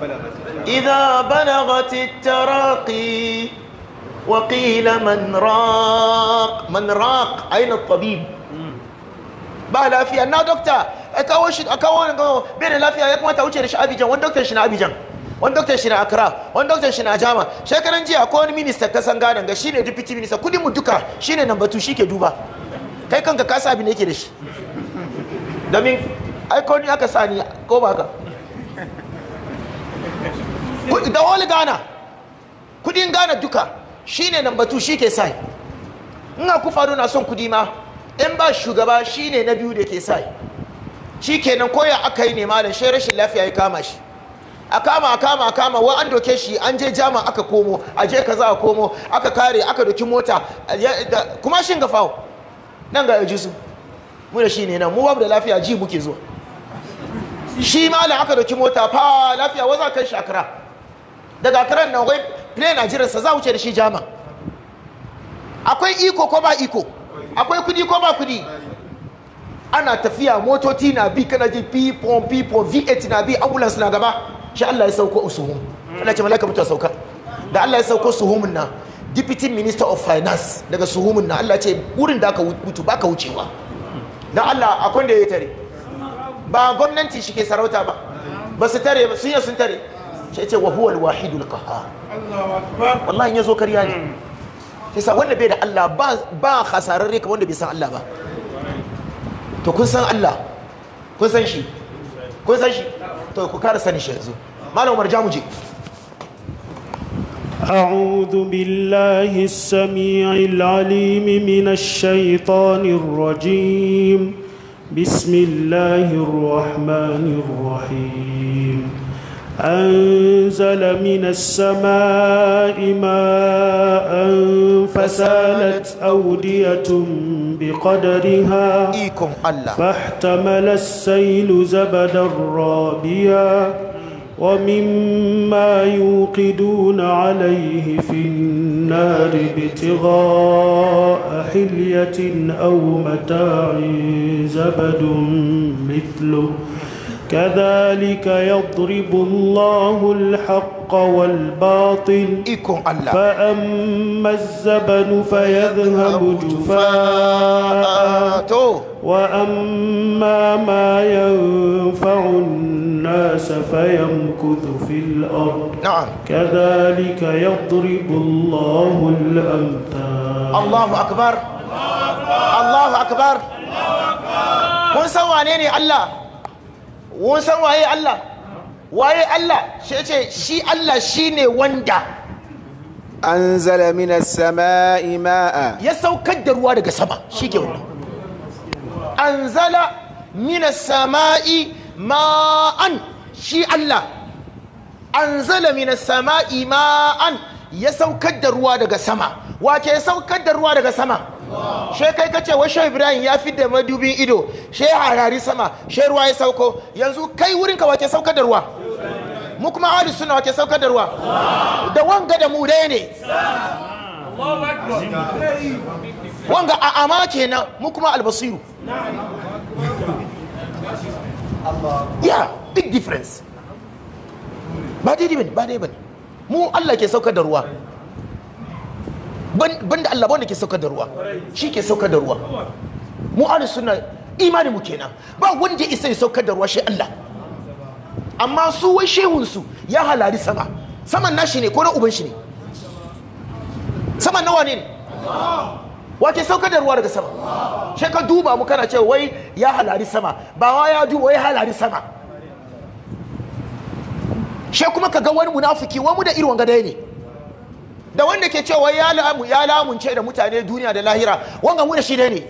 bana eh, balagat التراقي وقيل من راق من راق أين الطبيب ba lafiya na dokta a kawo shi a kawo wani bai da lafiya ya kamata wuce da shi abijan wani dokta shi na abijan wani dokta shi na akra wani dokta shi na jama shekaran jiya ko wani minista ka san gadan shine deputy minister kudin mu duka shine number 2 shike duba kai kanka ka sa abin da da shi Dami. ni aka ko ba ka da gana kudin gana duka shine number batu shi ke sai ina ku faru na son kudi ma in ba shugaba shine na biyu da ke sai shi kenan koya aka yi ne malam shi rashin lafiya ya kama shi a kama a kama a kama wa an doke shi an je jama aka komo a je kaza a komo aka kare aka doki mota kuma shin ga fawo nan ga yaji su mu da shi ne nan mu babu da lafiya ji muke zuwa shi malam aka doki mota fa lafiya wa za kai shi akra daga akran nan wai ne najeriya sa za wuce da shi jama akwai iko ko ba iko akwai kudi ko ba kudi ana tafiya motoci na bi kana ji pipon pipon v8 na bi ambulance na gaba shi Allah ya sauko usuhum Allah ce malaka mutuwa sauka da Allah ya sauko suhumun na deputy minister of finance daga suhumun na Allah ce wurin da aka mutu ba ka wucewa dan Allah akwai da ya tare ba gwamnati shi ke sarauta ba ba su tare ba sun yi sun tare sai ce wa huwa alwahidul qahhar Allahu akbar wallahi yazo kariya ne hmm. sai sa wanda bai da Allah ba ba khasararre kamar wanda bai san Allah ba to kun san Allah kun san shi kun san shi to ku kara sani shi yanzu malam Umar Jamuje أعوذ بالله السميع العليم من الشيطان الرجيم بسم الله الرحمن الرحيم أنزل من السماء ماء فسالت أودية بقدرها فاحتمل السيل زبدا رابيا ومما يوقدون عليه في النار ابتغاء حلية أو متاع زبد مثله كذلك يضرب الله الحق والباطل فأما الزبن فيذهب جفاء وأما ما ينفع الناس فيمكث في الأرض نعم كذلك يضرب الله الأمثال الله أكبر الله أكبر الله أكبر, الله أكبر. الله أكبر. الله أكبر. الله أكبر. الله أكبر. wun san waye Allah waye Allah shi ce shi Allah shine wanda anzala minas sama'i ma'a ya saukar da ruwa daga sama shike wannan anzala minas sama'i ma'an shi Allah anzala minas sama'i ma'an ya saukar da ruwa daga sama wace ya saukar da ruwa daga sama shai kai kace wai shai ibrahim ya fi da madubin ido shai harari sama shai ruwa ya sauko yanzu kai wurin ka wace saukar da ruwa mu kuma ahli sunna wace saukar da ruwa da wanga da mu dai ne wanga a ama kenan mu kuma albasiru yeah big difference ba dai ba dai ba mu Allah ke saukar da ruwa Banda da Allah da ke saukar da ruwa shi ke saukar da ruwa mu ahlus sunna imani mu kenan ba wanda ya isa ya saukar da ruwa shi Allah amma su wai shehun su ya halari sama saman nashi ne ko na uban shi ne saman nawa ne wa ke saukar da ruwa daga sama shi ka duba mu kana cewa wai ya halari sama ba wa ya duba wai halari sama shi kuma ka ga wani munafiki wani mu da irin wanga dai ne da wanda ke cewa ya lamunce da mutane duniya da lahira wanga mu da shi ne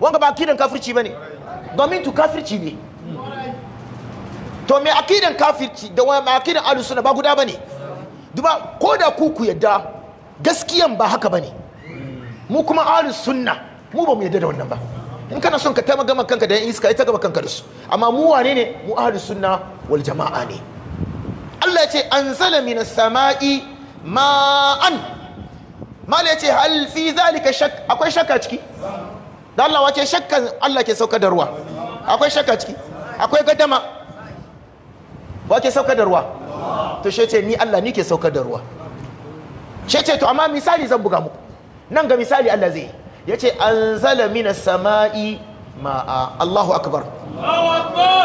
wanga ba akidan kafirci ba ne domin tu kafirci ne to mai akidan kafirci da wani mai akidan alusuna ba guda ba ne duba ko da ku ku yadda gaskiyan ba haka ba ne mu kuma al'usunna mu ba mu yadda da wannan ba in kana son ka taimaka gama kanka da yan iska ita gaba kanka da su amma mu wane ne mu ahlus sunna wal jama'a ne Allah ya ce anzala minas sama'i ma'an mala ya ce halfi zalika shak akwai shakka ciki da Allah wace shakkan Allah ke sauka da ruwa akwai shakka ciki akwai gadama wace sauka da ruwa to shi ce ni Allah ni ke sauka da ruwa she ce to amma misali zan buga muku nan ga misali Allah zai ya ce an zala minas sama'i ma'a Allahu akbar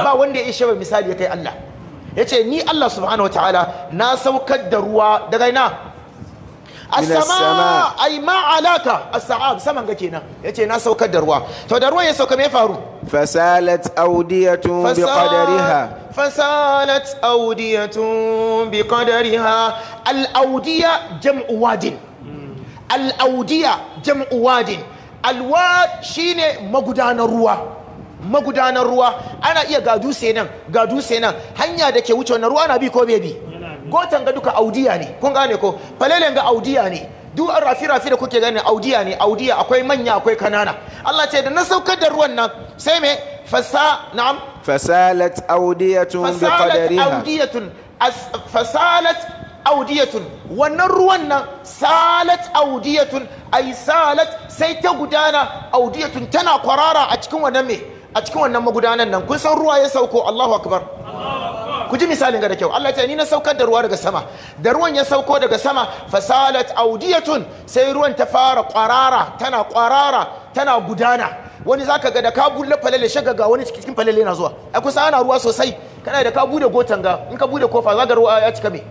ba wanda ya ishe misali ya kai Allah yace ni Allah subhanahu Ta'ala na saukar da ruwa daga ina as-sama ay ma alaka as saman ga kenan yace na saukar da ruwa to da ruwa ya sauka me faru fasalat awdiyatun biqadariha fasalat awdiyatun biqadariha al-awdiya jam'u wadin al-awdiya jam'u wadin alwad shine magudanar ruwa magudanar ruwa ana iya ga dutse nan ga dutse nan hanya da ke wuce wannan ruwa na bi ko bai bi gotan ga duka audiya ne kun gane ko falelen ga audiya ne duk rafi rafi da kuke gani audiya ne audiya akwai manya akwai kanana Allah ce da na saukar da ruwan nan sai me fasa na'am fasalat audiyatun bi qadariha fasalat audiyatun fasalat audiyatun wannan ruwan nan salat audiyatun ay salat sai ta gudana audiyatun tana kwarara a cikin wannan me a cikin wannan magudanan nan kun san ruwa ya sauko Allahu akbar ku ji misalin ga da kyau Allah ya ni na saukar da ruwa daga sama da ruwan ya sauko daga sama fasalat audiyatun sai ruwan ta fara kwarara tana kwarara tana gudana wani zaka ga da ka bulle falale shaga ga wani cikin falale na zuwa ai kusa ana ruwa sosai kana da ka bude gotan ga in ka bude kofa zaka ruwa ya cika me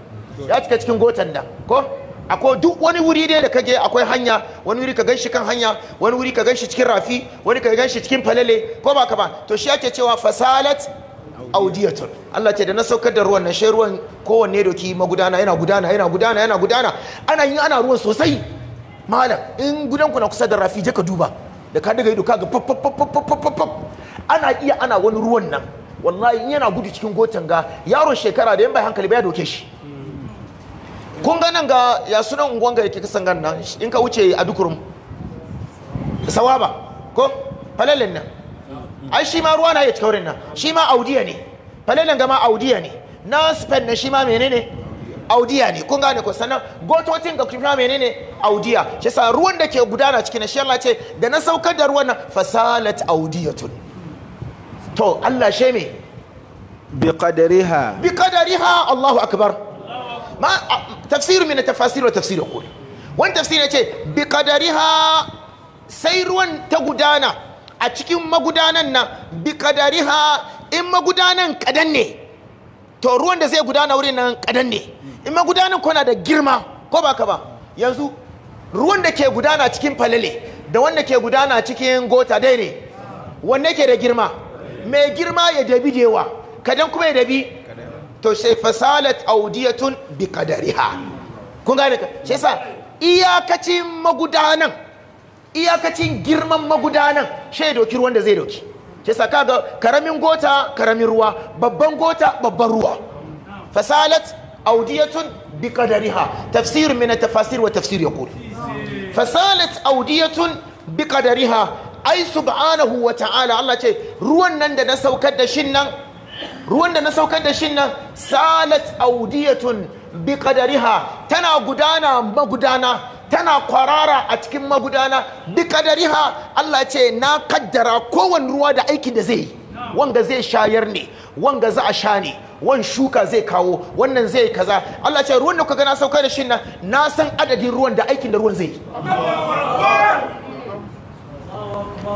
ya cika cikin gotan da ko akwai duk wani wuri dai da kage akwai hanya wani wuri ka ganshi kan hanya wani wuri ka ganshi cikin rafi wani ka ganshi cikin falale ko ba ka ba to shi ake cewa fasalat audiyatun Allah ce da na saukar da ruwan na shi ruwan kowanne doki magudana yana gudana yana gudana yana gudana ana yin ana ruwan sosai malam in gudanku na kusa da rafi je ka duba da ka daga ido ka ga fafafafafafaf ana iya ana wani ruwan nan wallahi in yana gudu cikin gotan ga yaron shekara da yan bai hankali ba ya doke shi kun ga nan ga ya sunan unguwan ga yake kasan gan nan in ka wuce a dukurum sawaba ko falalin nan ai shi ma ruwa na ya cikin nan shi ma audiya ne falalin ga ma audiya ne na spain na shi ma menene audiya ne kun gane ko sannan gototin ga kuma menene audiya shi sa ruwan da ke gudana cikin shi Allah ce da na saukar da ruwan nan fasalat audiyatun to Allah sheme bi qadariha bi qadariha Allahu akbar ma tafsir min tafasir wa tafsir wani tafsir yace bi qadariha sai ruwan ta gudana a cikin magudanan nan bi in magudanan kadan ne to ruwan da zai gudana wurin nan kadan ne in magudanan ko na da girma ko ba ka ba yanzu ruwan da ke gudana cikin falale da wanda ke gudana cikin gota dai ne wanne ke da girma mai girma ya dabi da yawa kadan kuma ya dabi to sai fasalat audiyatun bi kadariha kun gane ka shi yasa iyakacin magudanan iyakacin girman magudanan shi doki ruwan da zai doki shi yasa kaga karamin gota karamin ruwa babban gota babban ruwa fasalat audiyatun bi kadariha tafsir min tafasir wa tafsir yaqul fasalat audiyatun bi kadariha ai subhanahu wa ta'ala Allah ce ruwan nan da na saukar da shin nan ruwan da na saukar da shi nan salat audiyatun bi kadariha tana gudana magudana tana kwarara a cikin magudana bi kadariha Allah ce na kaddara kowane ruwa da aikin da zai yi wanga zai shayar ne wanga za a sha ne wan shuka zai kawo wannan zai kaza Allah ce ruwan da kuka na saukar da shi nan na san adadin ruwan da aikin da ruwan zai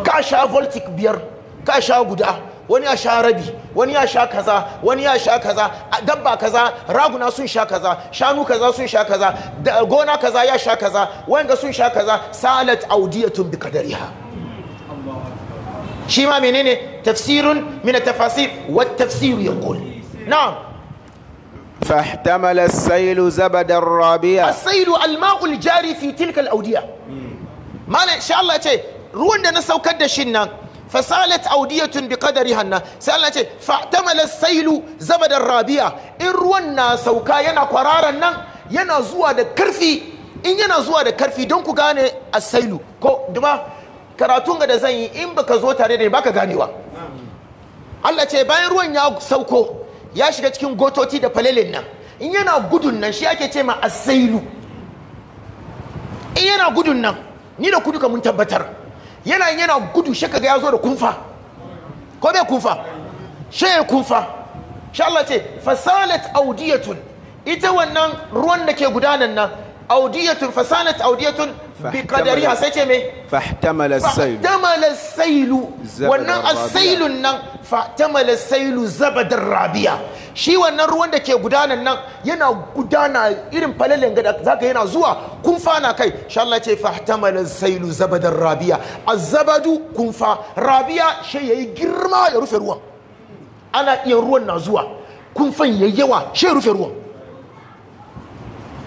ka sha voltic biyar ka sha guda wani ya sha rabi wani ya sha kaza wani ya sha kaza dabba kaza raguna sun sha kaza shanu kaza sun sha kaza gona kaza ya sha kaza wanga sun sha kaza salat audiyatun bi qadariha shi ma menene tafsirun min tafasir wa tafsir yaqul na'am فاحتمل السيل زبد الرابية السيل الماء الجاري في تلك الأودية ما إن شاء الله تي ruwan da na saukar da shin nan fasalat audiyatun bi kadari hanna sai Allah ce tamala sailu zabadar rabi'a in ruwan na sauka yana kwararan nan yana zuwa da karfi in yana zuwa da karfi don ku gane asailu ko duma karatun ga da zan yi in baka zo tare da ni baka ganewa Allah ce bayan ruwan ya sauko ya shiga cikin gototi da falelin nan in yana gudun nan shi ake ce ma asailu in yana gudun nan ni da ku duka mun tabbatar yana yana gudu shi kaga ya zo da kunfa ko bai kunfa shi ya kunfa shi Allah ce fasalat audiyatun ita wannan ruwan da ke gudanan nan audiyatun fasalat audiyatun bi sai ce me fahtamala sailu fahtamala sailu wannan as nan fahtamala sailu zabadar rabiya shi wannan ruwan da ke gudanan nan yana gudana irin falalen ga zaka yana zuwa kunfa na kai insha Allah ce fahtamala sailu zabadar rabiya A zabadu kunfa rabiya shi yayi girma ya rufe ruwan ana iya ruwan na zuwa kunfan yayi yawa shi rufe ruwan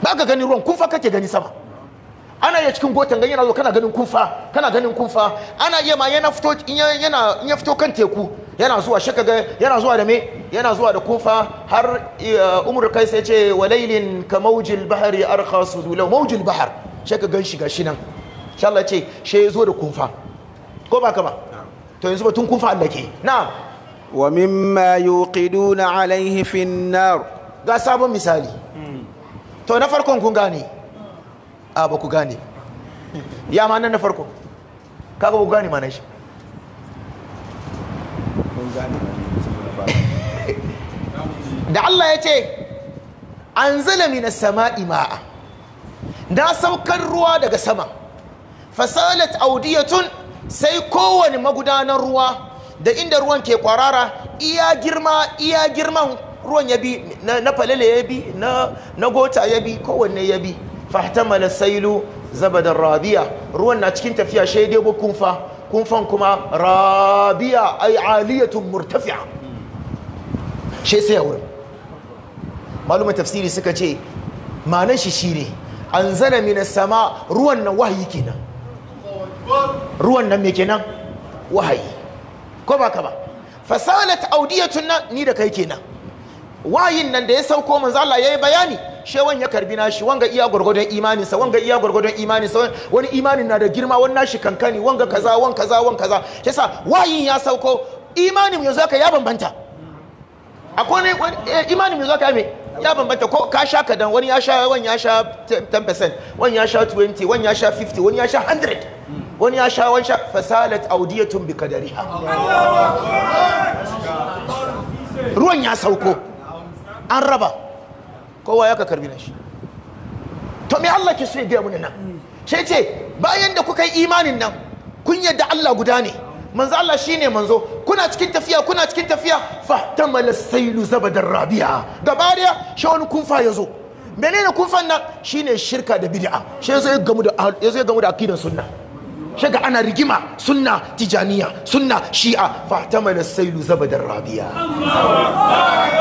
ba ka gani ruwan kunfa kake gani sama ana iya cikin gotan gani yana zo kana ganin kunfa kana ganin kunfa ana iya ma yana fito yana ya fito kan teku yana zuwa shi kaga yana zuwa da me yana zuwa da kunfa har eh, umar kai sai ce walailin ka maujil bahari arqa sudulau maujil bahar shaka gan shi gashi nan insha Allah ce she zo da kunfa ko ba ka ba to yanzu batun kunfa Allah ke na wa mimma yuqiduna alaihi fin nar ga sabon misali to na farkon kun gane a ba ku gane ya ma nan na farko kaga ku gane ma na shi da Allah ya ce an zala na sama'i ma'a na saukar ruwa daga sama fasalat audiyatun sai kowane magudanar ruwa da inda ruwan ke kwarara iya girma iya girman ruwan ya bi na falale ya bi na gota ya bi kowanne ya bi fahtamala sailu zabadan rabiya ruwan na cikin tafiya shi dai kunfa kunfan kuma rabiya ay aliyatun murtafi'a shi sai wurin malumin tafsiri suka ce manan shi shine an zana mina sama ruwan nan wahayi kenan ruwan nan me kenan wahayi ko ba ka ba fasalat audiyatun nan ni da kai kenan wayin nan da ya sauko manzo Allah yayi bayani she wan ya karbi nashi wanga iya gurgurdon imanin sa wanga iya gurgurdon imanin sa wani imanin na da girma wani nashi kankani wanga kaza wan kaza wan kaza yasa wayin ya sauko imanin yanzu ka ya bambanta akwai eh, imanin yanzu ka ya bambanta ko ka sha kadan wani ya sha wani ya sha 10% wani ya sha 20 wani ya sha 50 wani ya sha 100 wani ya sha wani sha fasalat audiyatun bi kadariha ruwan ya sauko an raba kowa ya ka karbi na shi to me Allah ke so ya gaya nan sai ce bayan da kuka yi imanin nan kun yadda Allah guda ne manzo Allah shine manzo kuna cikin tafiya kuna cikin tafiya fa tamala sailu zabadar rabi'a gaba da shi wani kunfa ya zo menene kunfan nan shine shirka da bid'a shi yazo ya gamu ya gamu da akidan sunna shaga ana rigima sunna tijaniya sunna shi'a fatamala sailu zabadar rabiya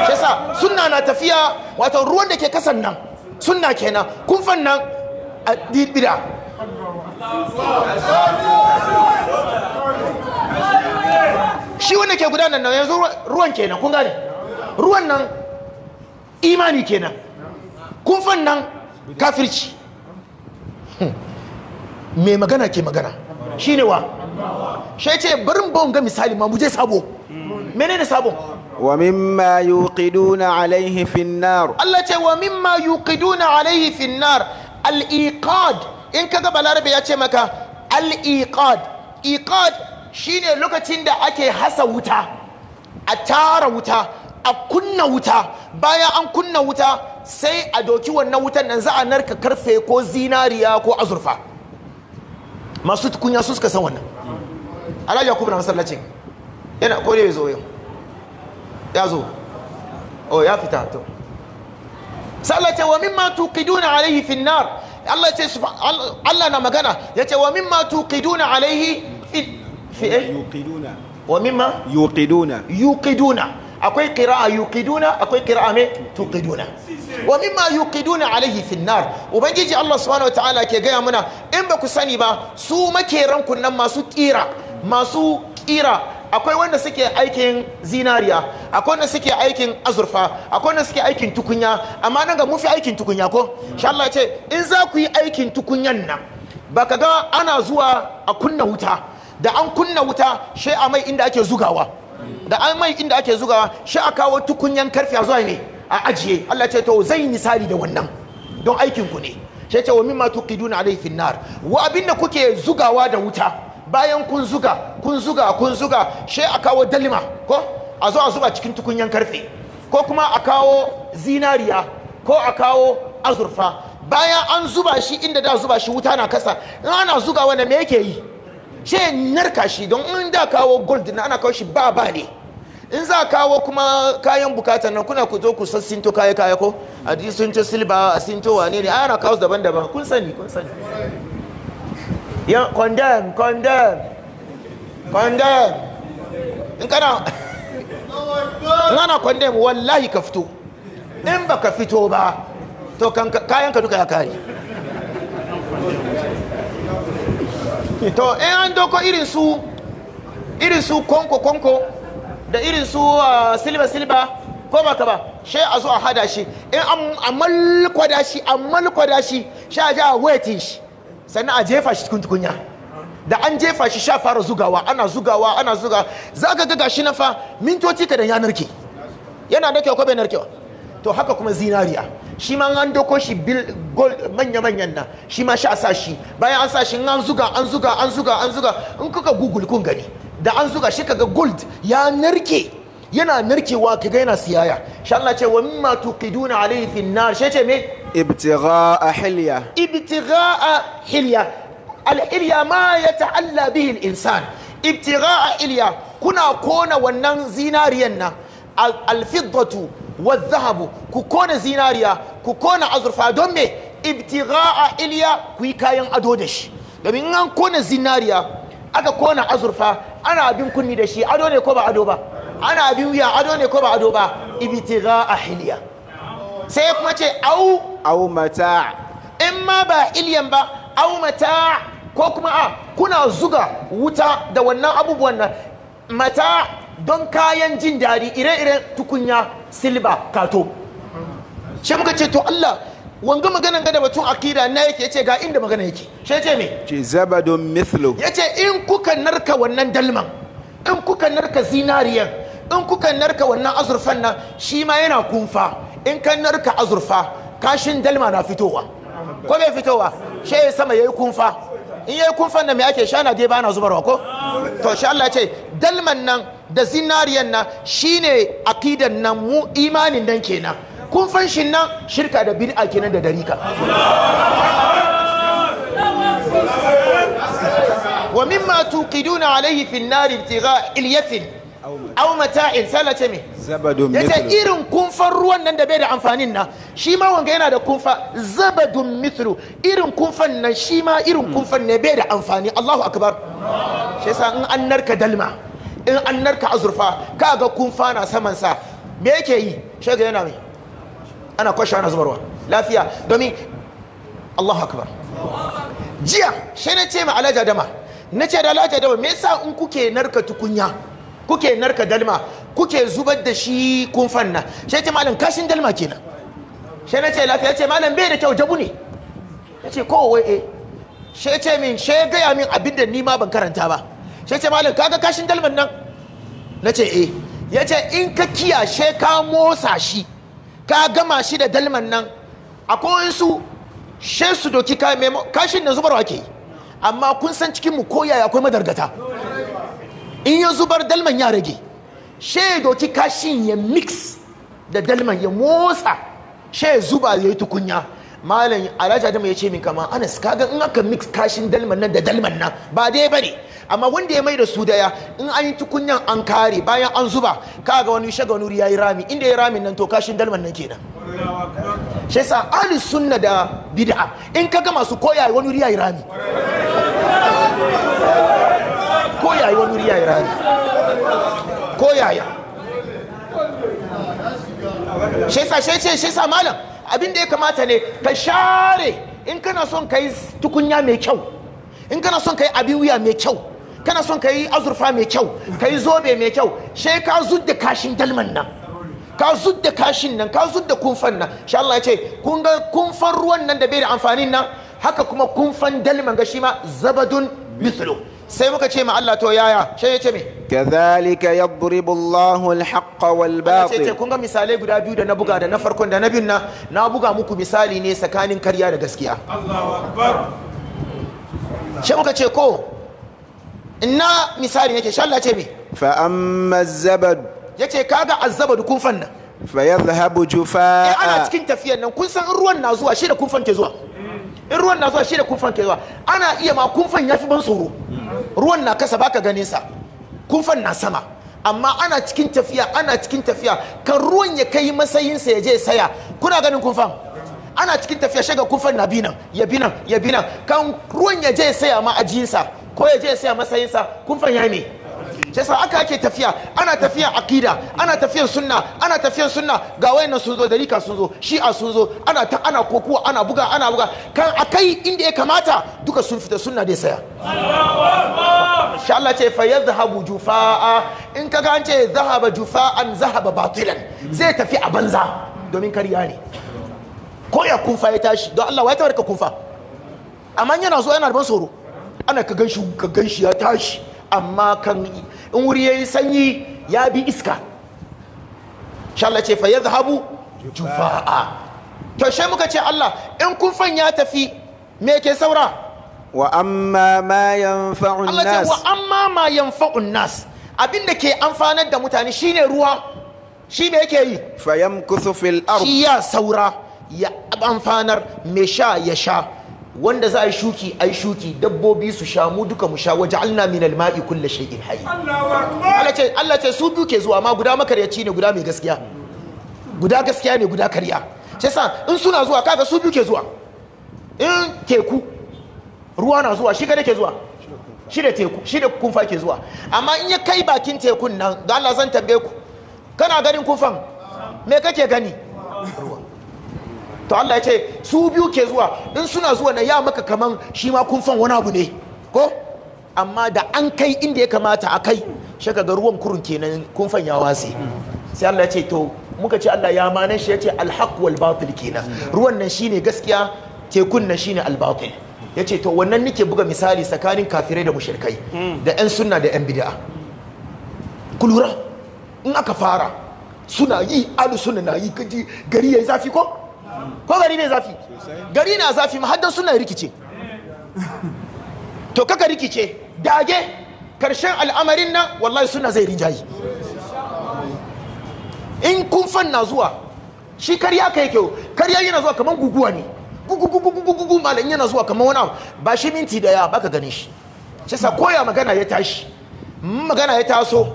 shesa sunna na tafiya wato ruwan da ke kasan nan sunna kenan kun nan a bid'a shi wanda ke gudanar nan yanzu ruwan kenan kun gane ruwan nan imani kenan kunfan nan kafirci mai hmm. magana ke magana shine wa shi ce barin bawon ga misali ma mu je sabo menene sabon wa mimma yuqiduna alaihi finnar Allah ce wa mimma yuqiduna alaihi finnar al-iqad in kaga balarabe ya ce maka al-iqad iqad shine lokacin da ake hasa wuta a tara wuta a kunna wuta bayan an kunna wuta sai a doki wannan wutan nan za a narka karfe ko zinariya ko azurfa masu kunya su suka san wannan alhaji yakubu na masallacin yana ko ya zo yau ya zo o oh, ya fita to sallace wa mimma tuqiduna alaihi fi nar Allah ya ce Allah na magana ya ce wa mimma tuqiduna alaihi fi eh wa mimma yuqiduna yuqiduna akwai qira'a yuqiduna akwai qira'a me tuqiduna wa mimma yuqiduna alaihi fi nar ubangiji Allah subhanahu wataala ke gaya muna in ba ku sani ba su makeran nan masu kira masu kira akwai wanda suke aikin zinariya akwai wanda suke aikin azurfa akwai wanda suke aikin tukunya amma nan ga mufi aikin tukunya ko insha Allah ce in za ku yi aikin tukunyan nan baka ga ana zuwa a kunna wuta da an kunna wuta shi a mai inda ake zugawa da an mai inda ake zugawa shi a kawo tukunyan karfi a zuwa ne a ajiye Allah ce to zai misali da wannan don aikin ku ne shi ce wa mimma tuqiduna alayhi fin nar wa abinda kuke zugawa da wuta bayan kun zuga kun zuga kun zuga shi a kawo dalima ko a zo a zuba cikin tukunyan karfe ko kuma a kawo zinariya ko a kawo azurfa bayan an zuba shi inda da zuba shi wuta na kasa in ana zugawa da me yake yi ce narka shi don in kawo gold na ana kawo shi ba ba ne in za kawo kuma kayan bukata nan kuna ku zo ku Sinto kaya kaya ko a ji sun ci silba a sinto wane ne ana kawo daban-daban kun sani kun sani ya condemn condemn condemn in kana in ana condemn wallahi ka fito in ba ka fito ba to kayan ka duka ya kare to in an doko irin su irin su konko konko da irin su silba ah, silba ko ba ka ba a zo a hada shi in a shi a shi sha a ji a wetin shi sannan a jefa shi cikin tukunya da an jefa shi sha fara zugawa ana zugawa ana zuga za ka ga shi na fa mintoci ka da ya narke yana kyau ko bai narkewa to haka kuma zinariya shi ma an doko shi manya-manyan na, shi ma shi a sa bayan an sa shi an zuga an zuga an zuga an zuga in kuka google kun gani da an zuga shi kaga gold ya narke yana narkewa kaga yana siyaya sha Allah ce wa mimma tuqiduna alayhi fi nar shi ce me ibtigha'a hilya ibtigha'a hilya al-hilya ma yata'alla bihi al-insan ibtigha'a hilya kuna kona wannan zinariyan nan al-fiddatu ku kona zinariya ku kona azurfa don me ibtigha'a hilya ku yi kayan ado da shi domin an kona zinariya aka kona azurfa ana abin kunni da shi ado ne ko ba ado ba ana abin wuya ado ne ko ba ado ba a ahliya sai kuma ce au au mata in ma ba iliyan ba au mata ko kuma a kuna zuga wuta da wannan abubuwan nan mata don kayan jin daɗi ire-iren tukunya silba kato shi muka ce to Allah wanga maganan gada batun akida na yake yace ga inda magana yake shi yace me ce zabadun mithlu yace in kuka narka wannan dalman in kuka narka zinariyan in kuka narka wannan azurfan nan shi ma yana kunfa in ka narka azurfa kashin dalma na fitowa ko bai fitowa shi ya sama yayi kunfa in yayi kunfan nan me ake shana dai bana zubarwa ko to shi Allah ce dalman nan da zinariyan nan shine akidan nan mu imanin nan kenan kun san nan shirka da bid'a kenan da darika wa mimma tuqiduna alayhi fi an-nar ibtigha ilyatin aw mata'in salace me zabadun yace irin kunfan ruwan nan da bai da amfanin na shi ma wanga yana da kunfa zabadun mithlu irin kunfan nan shi ma irin kunfan ne bai da amfani Allahu akbar shi yasa in an narka dalma in an narka azurfa kaga kunfa na saman sa me yake yi ga yana mai ana kwashe ana zubarwa lafiya domin Allahu akbar jiya sai na ce ma alhaji adama na ce da alhaji adama me yasa in kuke narka tukunya kuke narka dalma kuke zubar da shi kun fanna sai ce malam kashin dalma kenan shi na ce lafiya ce malam bai da kyau jabu ne ya ce kowai e eh. shi ce min sai gaya min abin da ni ma ban karanta ba sai ce malam kaga kashin dalman nan na ce e ya ce in ka kiyashe ka motsa shi ka gama shi da dalman nan akwai su shan su doki memo kashin da zubarwa ke amma kun san cikin mu ya akwai madargata in ya zubar dalman ya rage she doki kashin ya mix da dalman ya motsa she zuba ya yi tukunya malam alhaji adamu ya ce min kama anas kaga in aka mix kashin dalman nan da dalman nan ba dai bane amma wanda ya mai da su daya in an yi tukunyan an kare bayan an zuba kaga wani shaga nuri yi rami inda ya ramin nan to kashin dalman nan kenan shi yasa ahli sunna da bid'a in kaga masu koya wani wuri yi rami koya wani wuri yi rami koyaya shi yasa shi ce shi yasa malam abin da ya kamata ne ka share in kana son ka yi tukunya mai kyau in kana son ka yi abin wuya mai kyau kana son ka yi azurfa mai kyau ka yi zobe mai kyau sai ka zudda kashin dalman nan ka zudda kashin nan ka zudda kumfan nan sha Allah ya ce kun ga kumfan ruwan nan da bai da amfanin nan haka kuma kumfan dalman ga shi ma zabadun mithlu sai muka ce ma Allah to yaya shai ya ce me kadhalika yadribu Allahu al-haqqa wal batil ce kun ga misalai guda biyu da na buga da na farkon da na biyun na na buga muku misali ne tsakanin karya da gaskiya Allahu akbar shi muka ce ko inna misali yake sha Allah ce me fa amma zabad yace kaga azzabad kun fanna fa yadhhabu jufa eh ana cikin tafiyar nan kun san ruwan na zuwa shi da kun fanke zuwa in ruwan na zuwa shi da kun fanke zuwa ana iya ma kun fan yafi ban tsoro ruwan na kasa baka ganin sa kun fan na sama amma ana cikin tafiya ana cikin tafiya kan ruwan ya kai masayin sa ya je saya kuna ganin kun fan ana cikin tafiya shaga kufan na binan ya binan ya binan kan ruwan ya je saya ma ajiyinsa ko ya je ya saya masayinsa kufan ya ne sai aka ake tafiya ana tafiya akida ana tafiyan sunna ana tafiyan sunna ga wayannan sun zo dalika sun zo shi'a sun zo ana ta ana kokuwa ana buga ana buga kan akai inda ya kamata duka sun fita sunna dai saya insha Allah ce fa yadhhabu jufaa in kaga an ce zahaba jufa'an zahaba batilan zai tafi a banza domin kariya ne ko ya kunfa ya tashi don Allah wai tabar ka kunfa amma yana so yana da ban tsoro ana ka ganshi ka ganshi ya tashi amma kan in wuri yayi sanyi ya bi iska insha Allah ce fa yadhhabu jufa'a to sai muka ce Allah in kunfan ya tafi me ke saura wa amma ma yanfa'un nas Allah ce wa amma ma yanfa'un nas abinda ke amfanar da mutane shine ruwa shi me yake yi fayam kusufil ard shi ya saura ya amfanar mai sha ya sha wanda za a yi shuki a yi shuki dabbobi su sha mu duka mu sha waje alna min alma'i kulle shay'in hayy Allah ce Allah ce su duke zuwa ma guda makaryaci ne guda mai gaskiya guda gaskiya ne guda karya sai sa in suna zuwa kaga su duke zuwa in teku ruwa na zuwa shi kada ke zuwa shi da teku shi da kunfa ke zuwa amma in ya kai bakin tekun nan da Allah zan tambaye ku kana ganin kufan me kake gani to Allah ya ce su biyu ke zuwa in suna zuwa na ya maka kaman shi ma kun fan wani abu ne ko amma da an kai inda ya kamata a kai shaka ga ruwan kurun kenan kun fan ya wasi sai Allah ya ce to muka ce Allah ya manan shi ya ce alhaq wal batil kenan ruwan nan shine gaskiya tekun nan shine al batil ya ce to wannan nike buga misali tsakanin kafirai da mushrikai da yan sunna da yan bid'a kulura in aka fara suna yi alu suna na yi gari yayi zafi ko ko gari bai zafi gari na zafi ma suna rikice to kaka rikice dage karshen al'amarin nan wallahi suna zai rinjayi in kun fanna zuwa shi karya kai kyau karya yana zuwa kamar guguwa ne gugugugugugugu malam yana zuwa kamar wani abu ba shi minti daya baka gane shi shi sa koya magana ya tashi magana ya taso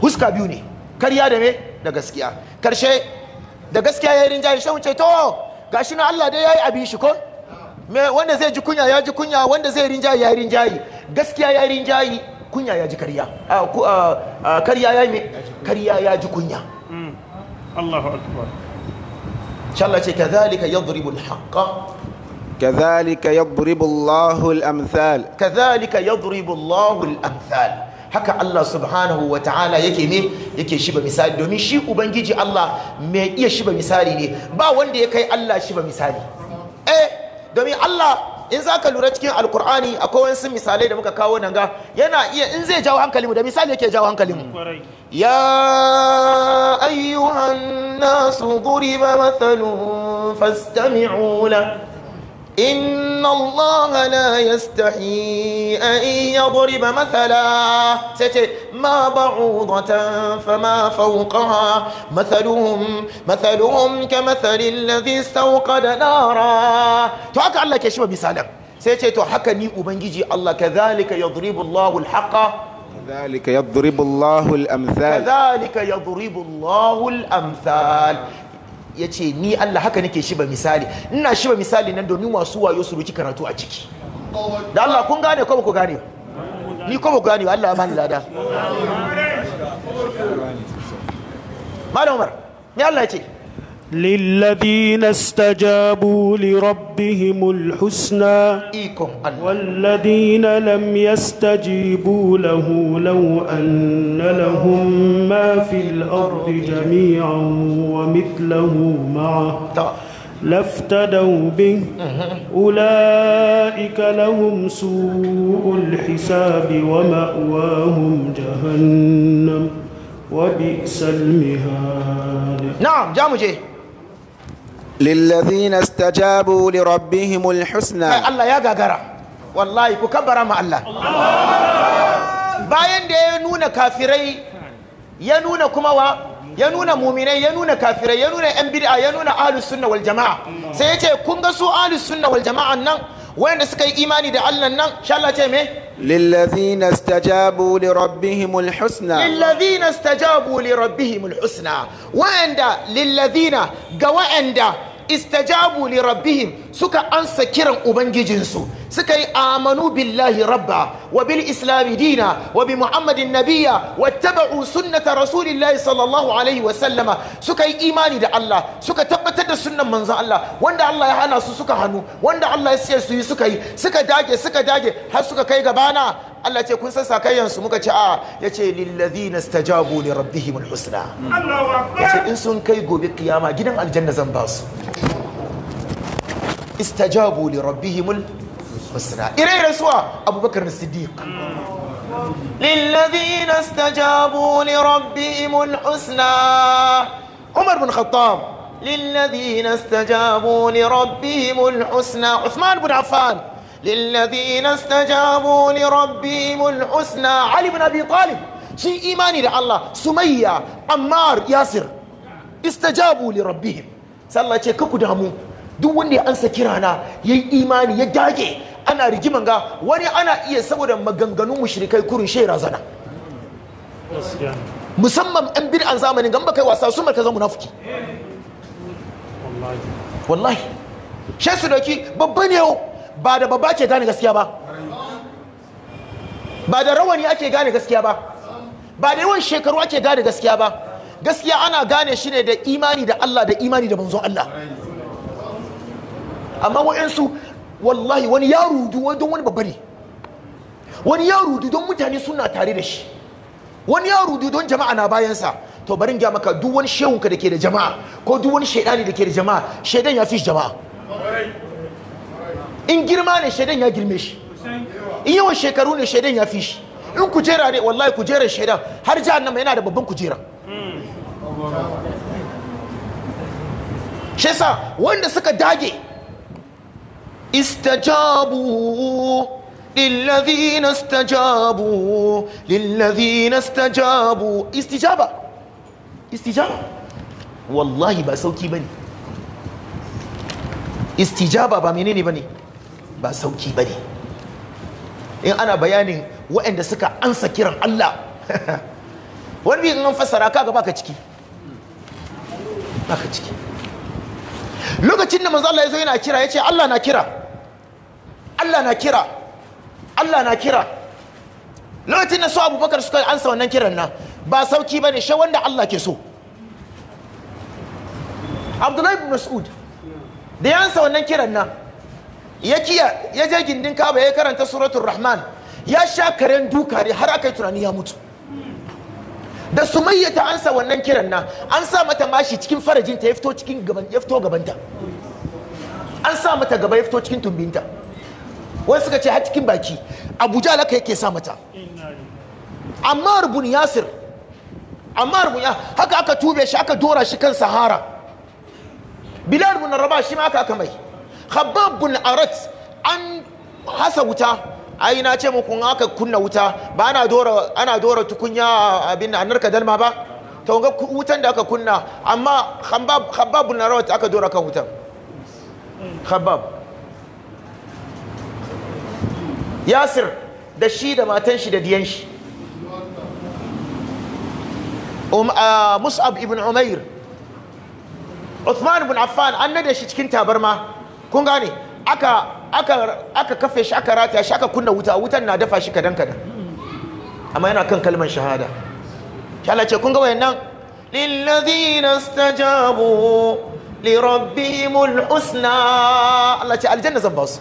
huska biyu ne karya da me da gaskiya karshe da gaskiya ya yi rinjaye shi ce to gashi na Allah dai ya yi abin shi ko me wanda zai ji kunya ya ji kunya wanda zai rinjaye ya yi rinjaye gaskiya ya yi rinjaye kunya ya ji karya karya ya yi karya ya ji kunya hmm. Allahu akbar insha Allah ce kadhalika yadribu al-haqqa kadhalika yadribu Allahu al-amthal kadhalika yadribu Allahu al-amthal haka Allah subhanahu wa ta'ala yake ne yake shiba misali domin shi ubangiji Allah mai iya shiba misali ne ba wanda ya kai Allah shiba misali eh domin Allah in za ka lura cikin alkur'ani akwai wasu misalai da muka kawo nan ga yana iya in zai jawo hankalinmu da misali yake jawo mu ya ayyuhan nasu duriba mathalun fastami'u la inna allaha na yastahi an yadriba mathala sace ma ba'udatan fama fawqaha mathaluhum mathaluhum kamathali alladhi istawqada nara to haka Allah ke shi misalan sai ce to haka ni ubangiji Allah kadhalika كذلك يضرب الله الأمثال كذلك يضرب الله الأمثال ya ce ni Allah haka nake ba misali ina ba misali nan domin masu wayo su roki karatu a ciki da Allah kun gane ko ba ku gane ni ko ba ku gane Allah ya bani lada malam Umar Allah ya ce للذين استجابوا لربهم الحسنى والذين لم يستجيبوا له لو أن لهم ما في الأرض جميعا ومثله معه لافتدوا به أولئك لهم سوء الحساب ومأواهم جهنم وبئس المهاد نعم جاء مجھے lillazina istajabu li rabbihimul husna Allah ya gagara wallahi ku kabbara ma Allah bayan da ya nuna kafirai ya nuna kuma wa ya nuna muminai ya nuna kafirai ya nuna yan bid'a ya nuna ahlus sunna sai ya ce kun ga su ahlus sunna nan wayanda suka yi imani da Allah nan sha Allah ce me lillazina wayanda lillazina ga wayanda istajabu li rabbihim suka ansa kiran ubangijinsu suka yi amanu billahi rabba wa bil islami dina wa bi muhammadin nabiya wa taba'u sunnata rasulillahi sallallahu alaihi wa sallama suka yi imani da Allah suka tabbatar da sunnan manzon Allah wanda Allah ya hana su suka hannu wanda Allah ya sayar su yi suka yi suka dage suka dage har suka kai gabana Allah ce kun san sakayyan su muka ce a yace lillazina stajabu li rabbihim alhusna yace in sun kai gobe kiyama gidan aljanna zan ba su istajabu li rabbihim alhusna ire suwa abubakar siddiq للذين استجابوا لربهم الحسنى عمر بن خطاب للذين استجابوا لربهم الحسنى Usman bin Affan. للذين استجابوا لربهم الحسنى علي بن ابي طالب شي ايماني ده الله سميه عمار ياسر استجابوا لربهم sallah ce kaku damu duk wanda ya ansa kirana yayi imani ya dage ana rigiman ga wani ana iya saboda maganganun mushrikai kurin shi razana musamman an bid'an zamanin gamba kai wasa su marka zama munafiki wallahi shi su doki babba ne yau ba da babba ce gane gaskiya ba ba da rawani ake gane gaskiya ba ba da yawan shekaru ake gane gaskiya ba gaskiya ana gane shi ne da imani da Allah da imani da manzon Allah amma wa'ansu wallahi wani ya rudu don wani babba wani ya rudu don mutane suna tare da shi wani ya rudu don jama'a na bayansa to barin gya maka duk wani shehunka da ke da jama'a ko duk wani shaidani da ke da jama'a shaidan ya fi jama'a in girma ne shaidan ya girme shi in yawan shekaru ne shaidan ya fi shi in kujera ne wallahi kujerar shaidan har jahannama yana da babban kujera shi sa, wanda suka dage istajabu lillazina istajabu lillazina istajabu istijaba istijaba wallahi ba sauki bane istijaba ba menene bane ba sauki ba ne in ana bayanin waɗanda suka ansa kiran Allah [LAUGHS] wani bi in an fassara kaga baka ciki baka ciki lokacin da manzo Allah ya zo yana kira yace Allah na kira Allah na kira Allah na kira lokacin da su Abubakar suka ansa wannan kiran nan ba sauki bane shi wanda Allah ke so Abdullahi ibn Mas'ud da ya ansa wannan kiran nan ya kiya ya je gindin kaba ya karanta suratul rahman ya sha karen duka ne har aka yi tunani ya mutu da sumayya ta ansa wannan kiran na an sa mata mashi cikin farajinta ya fito cikin gaban ya gabanta an sa mata gaba ya fito cikin tumbinta wasu suka ce har cikin baki abuja laka yake sa mata amma rubun yasir amma rubun ya haka aka tube shi aka dora shi kan sahara bilal bin rabah shi ma aka aka mai hababun arat an hasa wuta ai na ce muku aka kunna wuta ba ana dora ana dora tukunya abin a narka dalma ba to ga wutan da aka kunna amma habab hababun arat aka dora kan wutan habab yasir da shi da matan shi da diyan shi um, mus'ab ibn umair Uthman ibn Affan an nade shi cikin tabarma kun gane aka aka aka kafe shi aka rataya shi aka kunna wuta wutan na dafa shi kadan kadan amma yana kan kalmar shahada shi Allah ce kun ga wayannan lilladhina istajabu li rabbihimul husna Allah ce aljanna zan ba su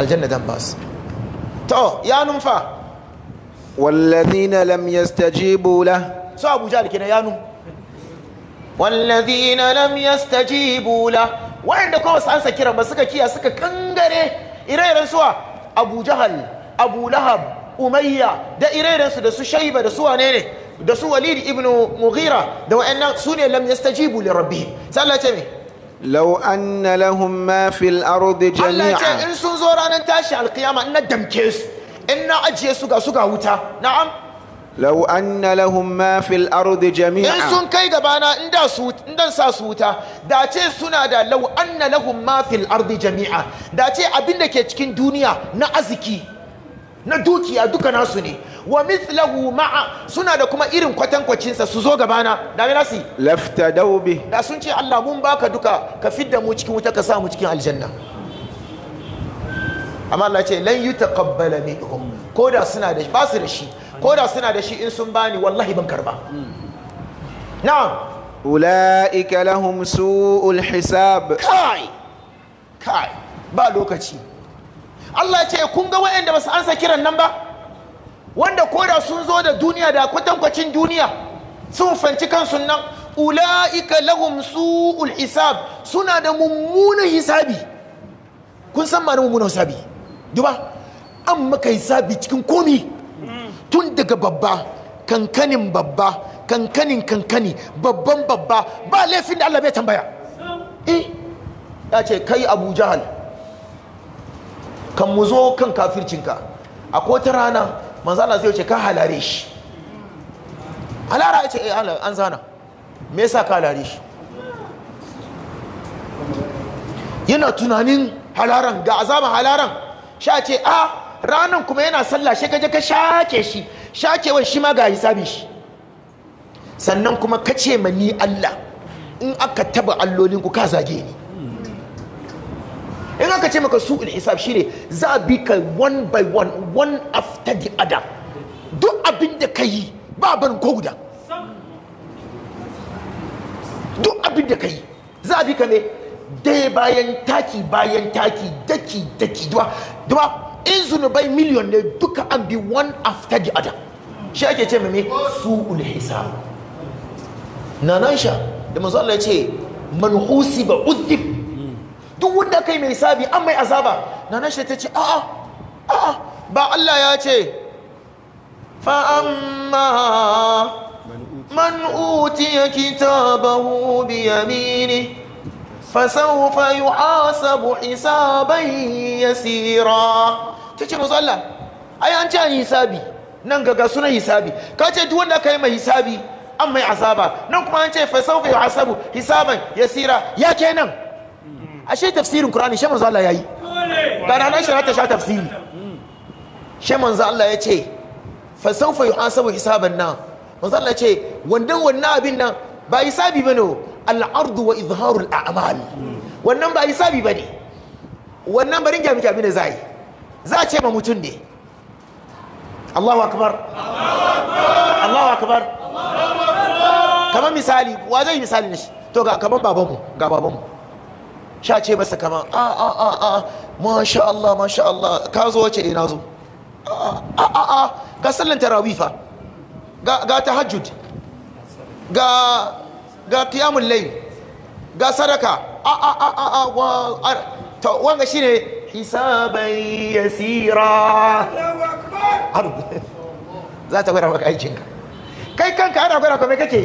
aljanna zan ba su to ya numfa والذين لم يستجيبوا له سو ابو جهل كده يا نمفا wallazina lam yastajibu la wanda kuma su ansa kira ba suka kiya suka kangare ire-iren suwa Abu Jahal Abu Lahab Umayya da ire-iren su da su Shaiba da su wane ne da su Walid ibn Mughira da wa'annan su ne lam yastajibu li rabbihim sai Allah ce me لو أن لهم ما في الأرض جميعا إن سنزور أن تاشي القيامة إن دمكيس إن أجي سوغا وتا نعم lau anna lahum ma fil jami'a in sun kai gabana inda su sa su wuta da ce suna da lau anna lahum ma fil jami'a da ce abin da ke cikin duniya na aziki na dukiya duka nasu ne wa mithlahu ma'a suna da kuma irin kwatankwacin sa su zo gabana da me nasi lafta daubi da sun ce Allah mun baka duka ka fidda mu cikin wuta ka sa mu cikin aljanna amma Allah ce lan yutaqabbala minhum ko da suna da ba su da shi ko da suna da shi in sun bani wallahi ban karba na'am ula'ika lahum su'ul hisab kai kai ba lokaci Allah ce kun ga waɗanda ba su ansa kiran nan ba wanda koda sun zo da duniya da kwatankwacin duniya sun fanci kansu nan ula'ika lahum su'ul hisab suna da mummunan hisabi kun san ma mummunan hisabi duba an maka hisabi cikin komi tun daga babba kankanin babba kankanin kankani babban babba ba laifin da Allah bai tambaya eh ya ce kai Abu Jahal kan mu zo kan kafircinka a kota rana manzo Allah zai ce ka halare shi halara ya ce eh, an zana me yasa ka halare shi yana tunanin halaran ga azaban halaran sha ce a ah, ranan kuma yana sallah shi kaje ka shake shi shakewar shi ma ga hisabi shi sannan kuma ka ce ma ni Allah in aka taba allolin ku ka zage ni in aka ce maka su in hisab shine za a bi ka one by one one after the other duk abin da ka yi ba barin ko guda duk abin da ka yi za a bi ka ne dai bayan taki bayan taki daki daki duwa duwa in zunubai miliyon ne duka an bi one after the other shi ake ce mai su'ul na nan sha da manzo Allah ce man husiba udhib duk wanda kai mai sabi an mai azaba nan sha ta ce a'a a'a ba Allah ya ce fa amma man utiya kitabahu bi yaminihi فسوف يحاسب حسابا يسيرا tace manzo Allah ai an ce an hisabi nan gaga suna hisabi ka ce duk wanda kai mai hisabi an mai azaba nan kuma an ce fa sawfa yuhasabu hisaban yasira ya kenan ashe tafsirin Qur'ani shi manzo Allah yayi ga ranar shara ta sha tafsiri shi ya ce fa sawfa yuhasabu hisaban nan manzo ce wanda wannan abin nan ba hisabi bane al'ardu wa izharul a'mal wannan ba hisabi bane wannan barin gyami gyami ne za yi za a ce ma mutum ne Allahu akbar Allahu akbar kamar misali wa zai misali ne to ga kamar babanmu ga babanmu sha ce masa kamar a a a a masha Allah masha Allah ka zo wace ina zo a a a ga sallan tarawih fa ga tahajjud ga ga qiyamul lai ga sadaka a a a a a wa to wanga shine ya yasira [LAUGHS] za ta gwada maka aikinka kai kanka ana gwada kuma kake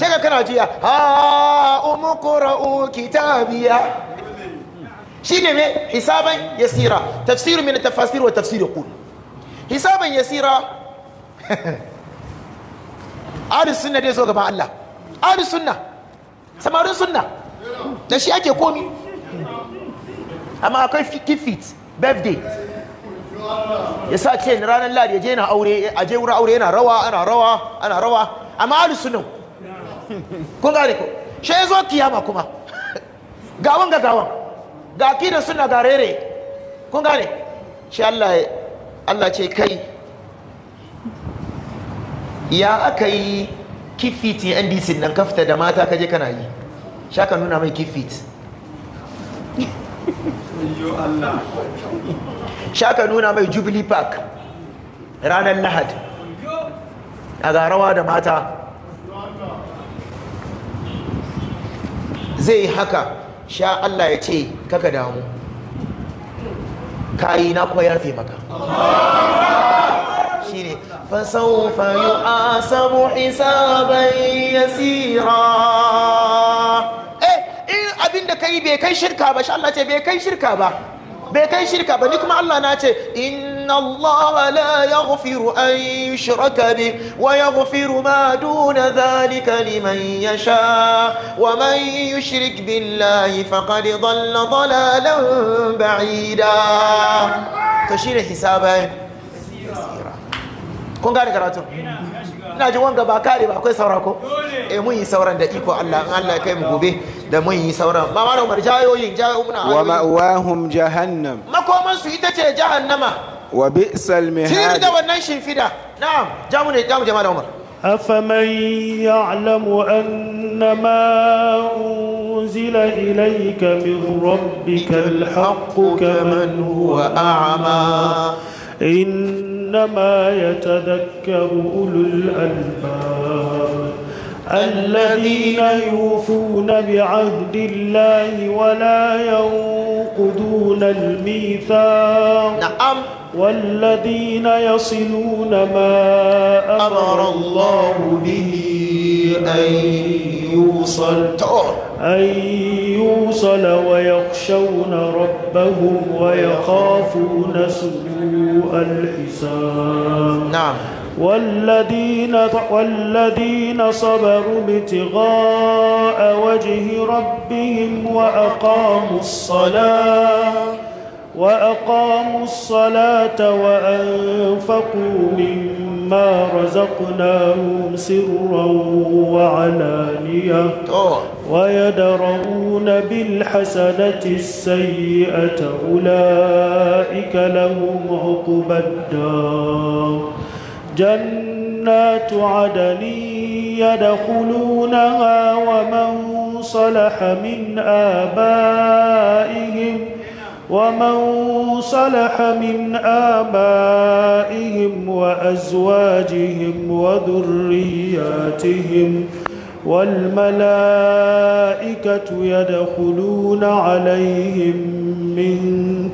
ce ga kana jiya ha biya. Shi ne me hisaban yasira Tafsirin min tafasir wa tafsir ku? hisaban yasira [LAUGHS] ahli sunna dai so gaba Allah ahli sunna samarin sunna da shi ake komi amma akwai kifit birthday ya sa ce ranar ladi ya je na aure a je wurin aure yana rawa ana rawa ana rawa amma ahli sunna kun gane ko shi ya zo kiyama kuma gawan [LAUGHS] ga gawan ga akidar sunna ga rere kun gane shi Allah Allah ce kai ya aka yi kifit ndc nan ka fita da mata ka je kana yi sha ka nuna mai kifit sha ka nuna mai jubilee park ranar lahad a garawa da mata zai haka sha allah ya ce kaka damu kayi na kuma yafe maka shine fa sawfa yu'asabu hisaban yasira eh in abin da kai bai kai shirka ba sha Allah ce bai kai shirka ba bai kai shirka ba ni kuma Allah na ce inna Allah la yaghfiru an yushraka bi wa yaghfiru ma duna dhalika liman yasha wa man yushrik billahi faqad dhalla dhalalan ba'ida to shine hisabai kun gane karatun ina jin wanda ba kare ba akwai saura ko eh mun yi sauran da iko Allah in Allah kai mu gobe da mun yi sauran ba malam Umar jayoyin jayo muna wa ma'wahum jahannam makoman su ita ce jahannama wa bi'sal mihad tir da wannan shimfida na'am jamu ne jamu jama'a Umar أفمن يعلم أن ما أنزل إليك من ربك الحق كمن هو أعمى إن إنما يتذكر أولو الألباب الذين يوفون بعهد الله ولا ينقضون الميثاق نعم والذين يصلون ما أمر الله به أن يوصل أن يوصل ويخشون ربهم ويخافون سوء الحساب نعم والذين والذين صبروا ابتغاء وجه ربهم وأقاموا الصلاة وأقاموا الصلاة وأنفقوا مما رزقناهم سرا وعلانية ويدرؤون بالحسنة السيئة أولئك لهم عقبى الدار جنات عدن يدخلونها ومن صلح من آبائهم ومن صلح من آبائهم وأزواجهم وذرياتهم ۖ والملائكة يدخلون عليهم من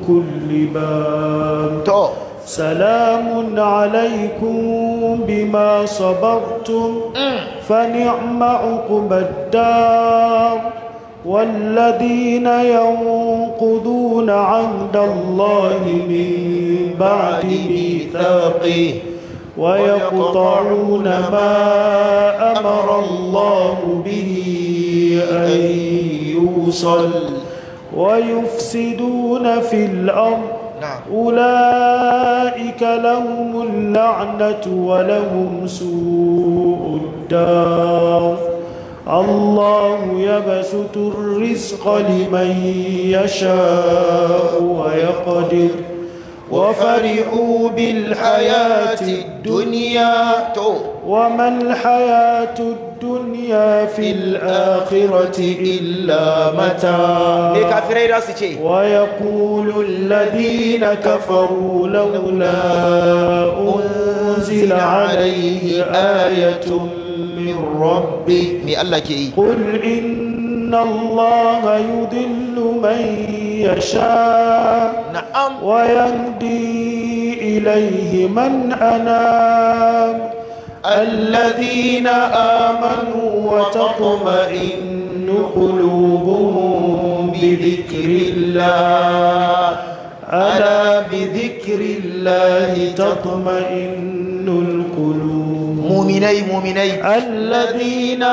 كل باب سلام عليكم بما صبرتم فنعم عقب الدار والذين ينقضون عهد الله من بعد ميثاقه ويقطعون ما أمر الله به أن يوصل ويفسدون في الأرض نعم. أولئك لهم اللعنة ولهم سوء الدار الله يبسط الرزق لمن يشاء ويقدر وفرحوا بالحياة الدنيا وما الحياة الدنيا في الآخرة إلا متاع ويقول الذين كفروا لولا أنزل عليه آية من ربه قل إن إن الله يدل من يشاء نعم ويهدي إليه من أناب الذين آمنوا وتطمئن قلوبهم بذكر الله ألا بذكر الله تطمئن القلوب مؤمني مؤمني الذين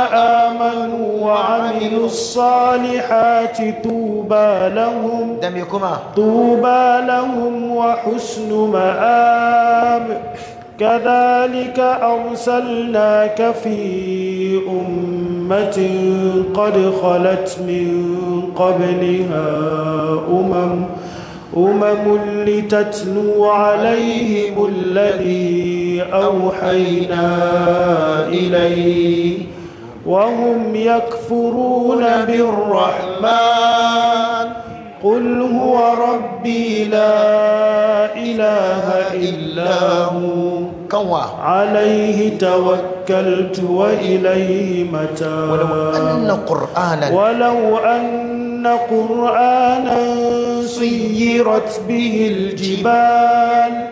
آمنوا وعملوا الصالحات طوبى لهم دميكما طوبى لهم وحسن مآب كذلك أرسلناك في أمة قد خلت من قبلها أمم أمم لتتلو عليهم الذي أوحينا إليه وهم يكفرون بالرحمن قل هو ربي لا إله إلا هو عليه توكلت وإليه متاب ولو أن قرآنا ولو أن قرآنا سيرت به الجبال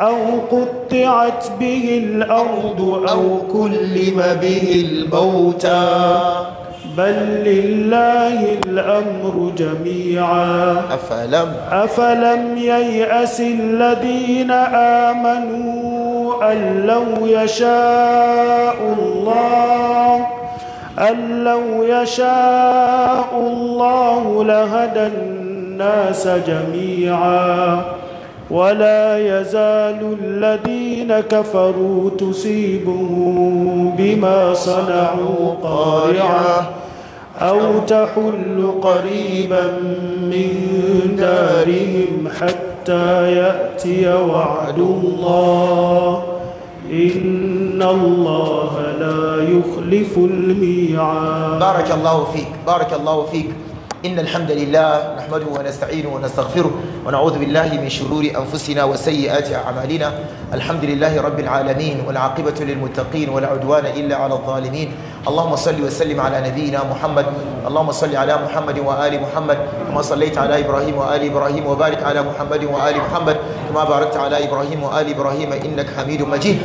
أو قطعت به الأرض أو كلم به الموتى بل لله الأمر جميعا أفلم أفلم ييأس الذين آمنوا أن لو يشاء الله أن لو يشاء الله لهدى الناس جميعا ولا يزال الذين كفروا تصيبهم بما صنعوا قارعة أو تحل قريبا من دارهم حتى يأتي وعد الله إن الله لا يخلف الميعاد بارك الله فيك بارك الله فيك إن الحمد لله نحمده ونستعينه ونستغفره ونعوذ بالله من شرور أنفسنا وسيئات أعمالنا الحمد لله رب العالمين والعاقبة للمتقين ولا عدوان إلا على الظالمين اللهم صل وسلم على نبينا محمد اللهم صل على محمد وآل محمد كما صليت على إبراهيم وآل إبراهيم وبارك على محمد وآل محمد كما باركت على إبراهيم وآل إبراهيم إنك حميد مجيد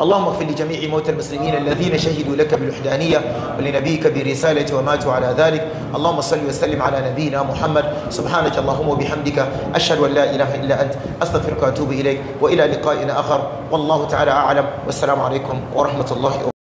اللهم اغفر لجميع موتى المسلمين الذين شهدوا لك بالوحدانية ولنبيك برسالة وماتوا على ذلك اللهم صل وسلم على نبينا محمد سبحانك اللهم وبحمدك أشهد أن لا إله إلا أنت أستغفرك وأتوب إليك وإلى لقائنا آخر والله تعالى أعلم والسلام عليكم ورحمة الله وبركاته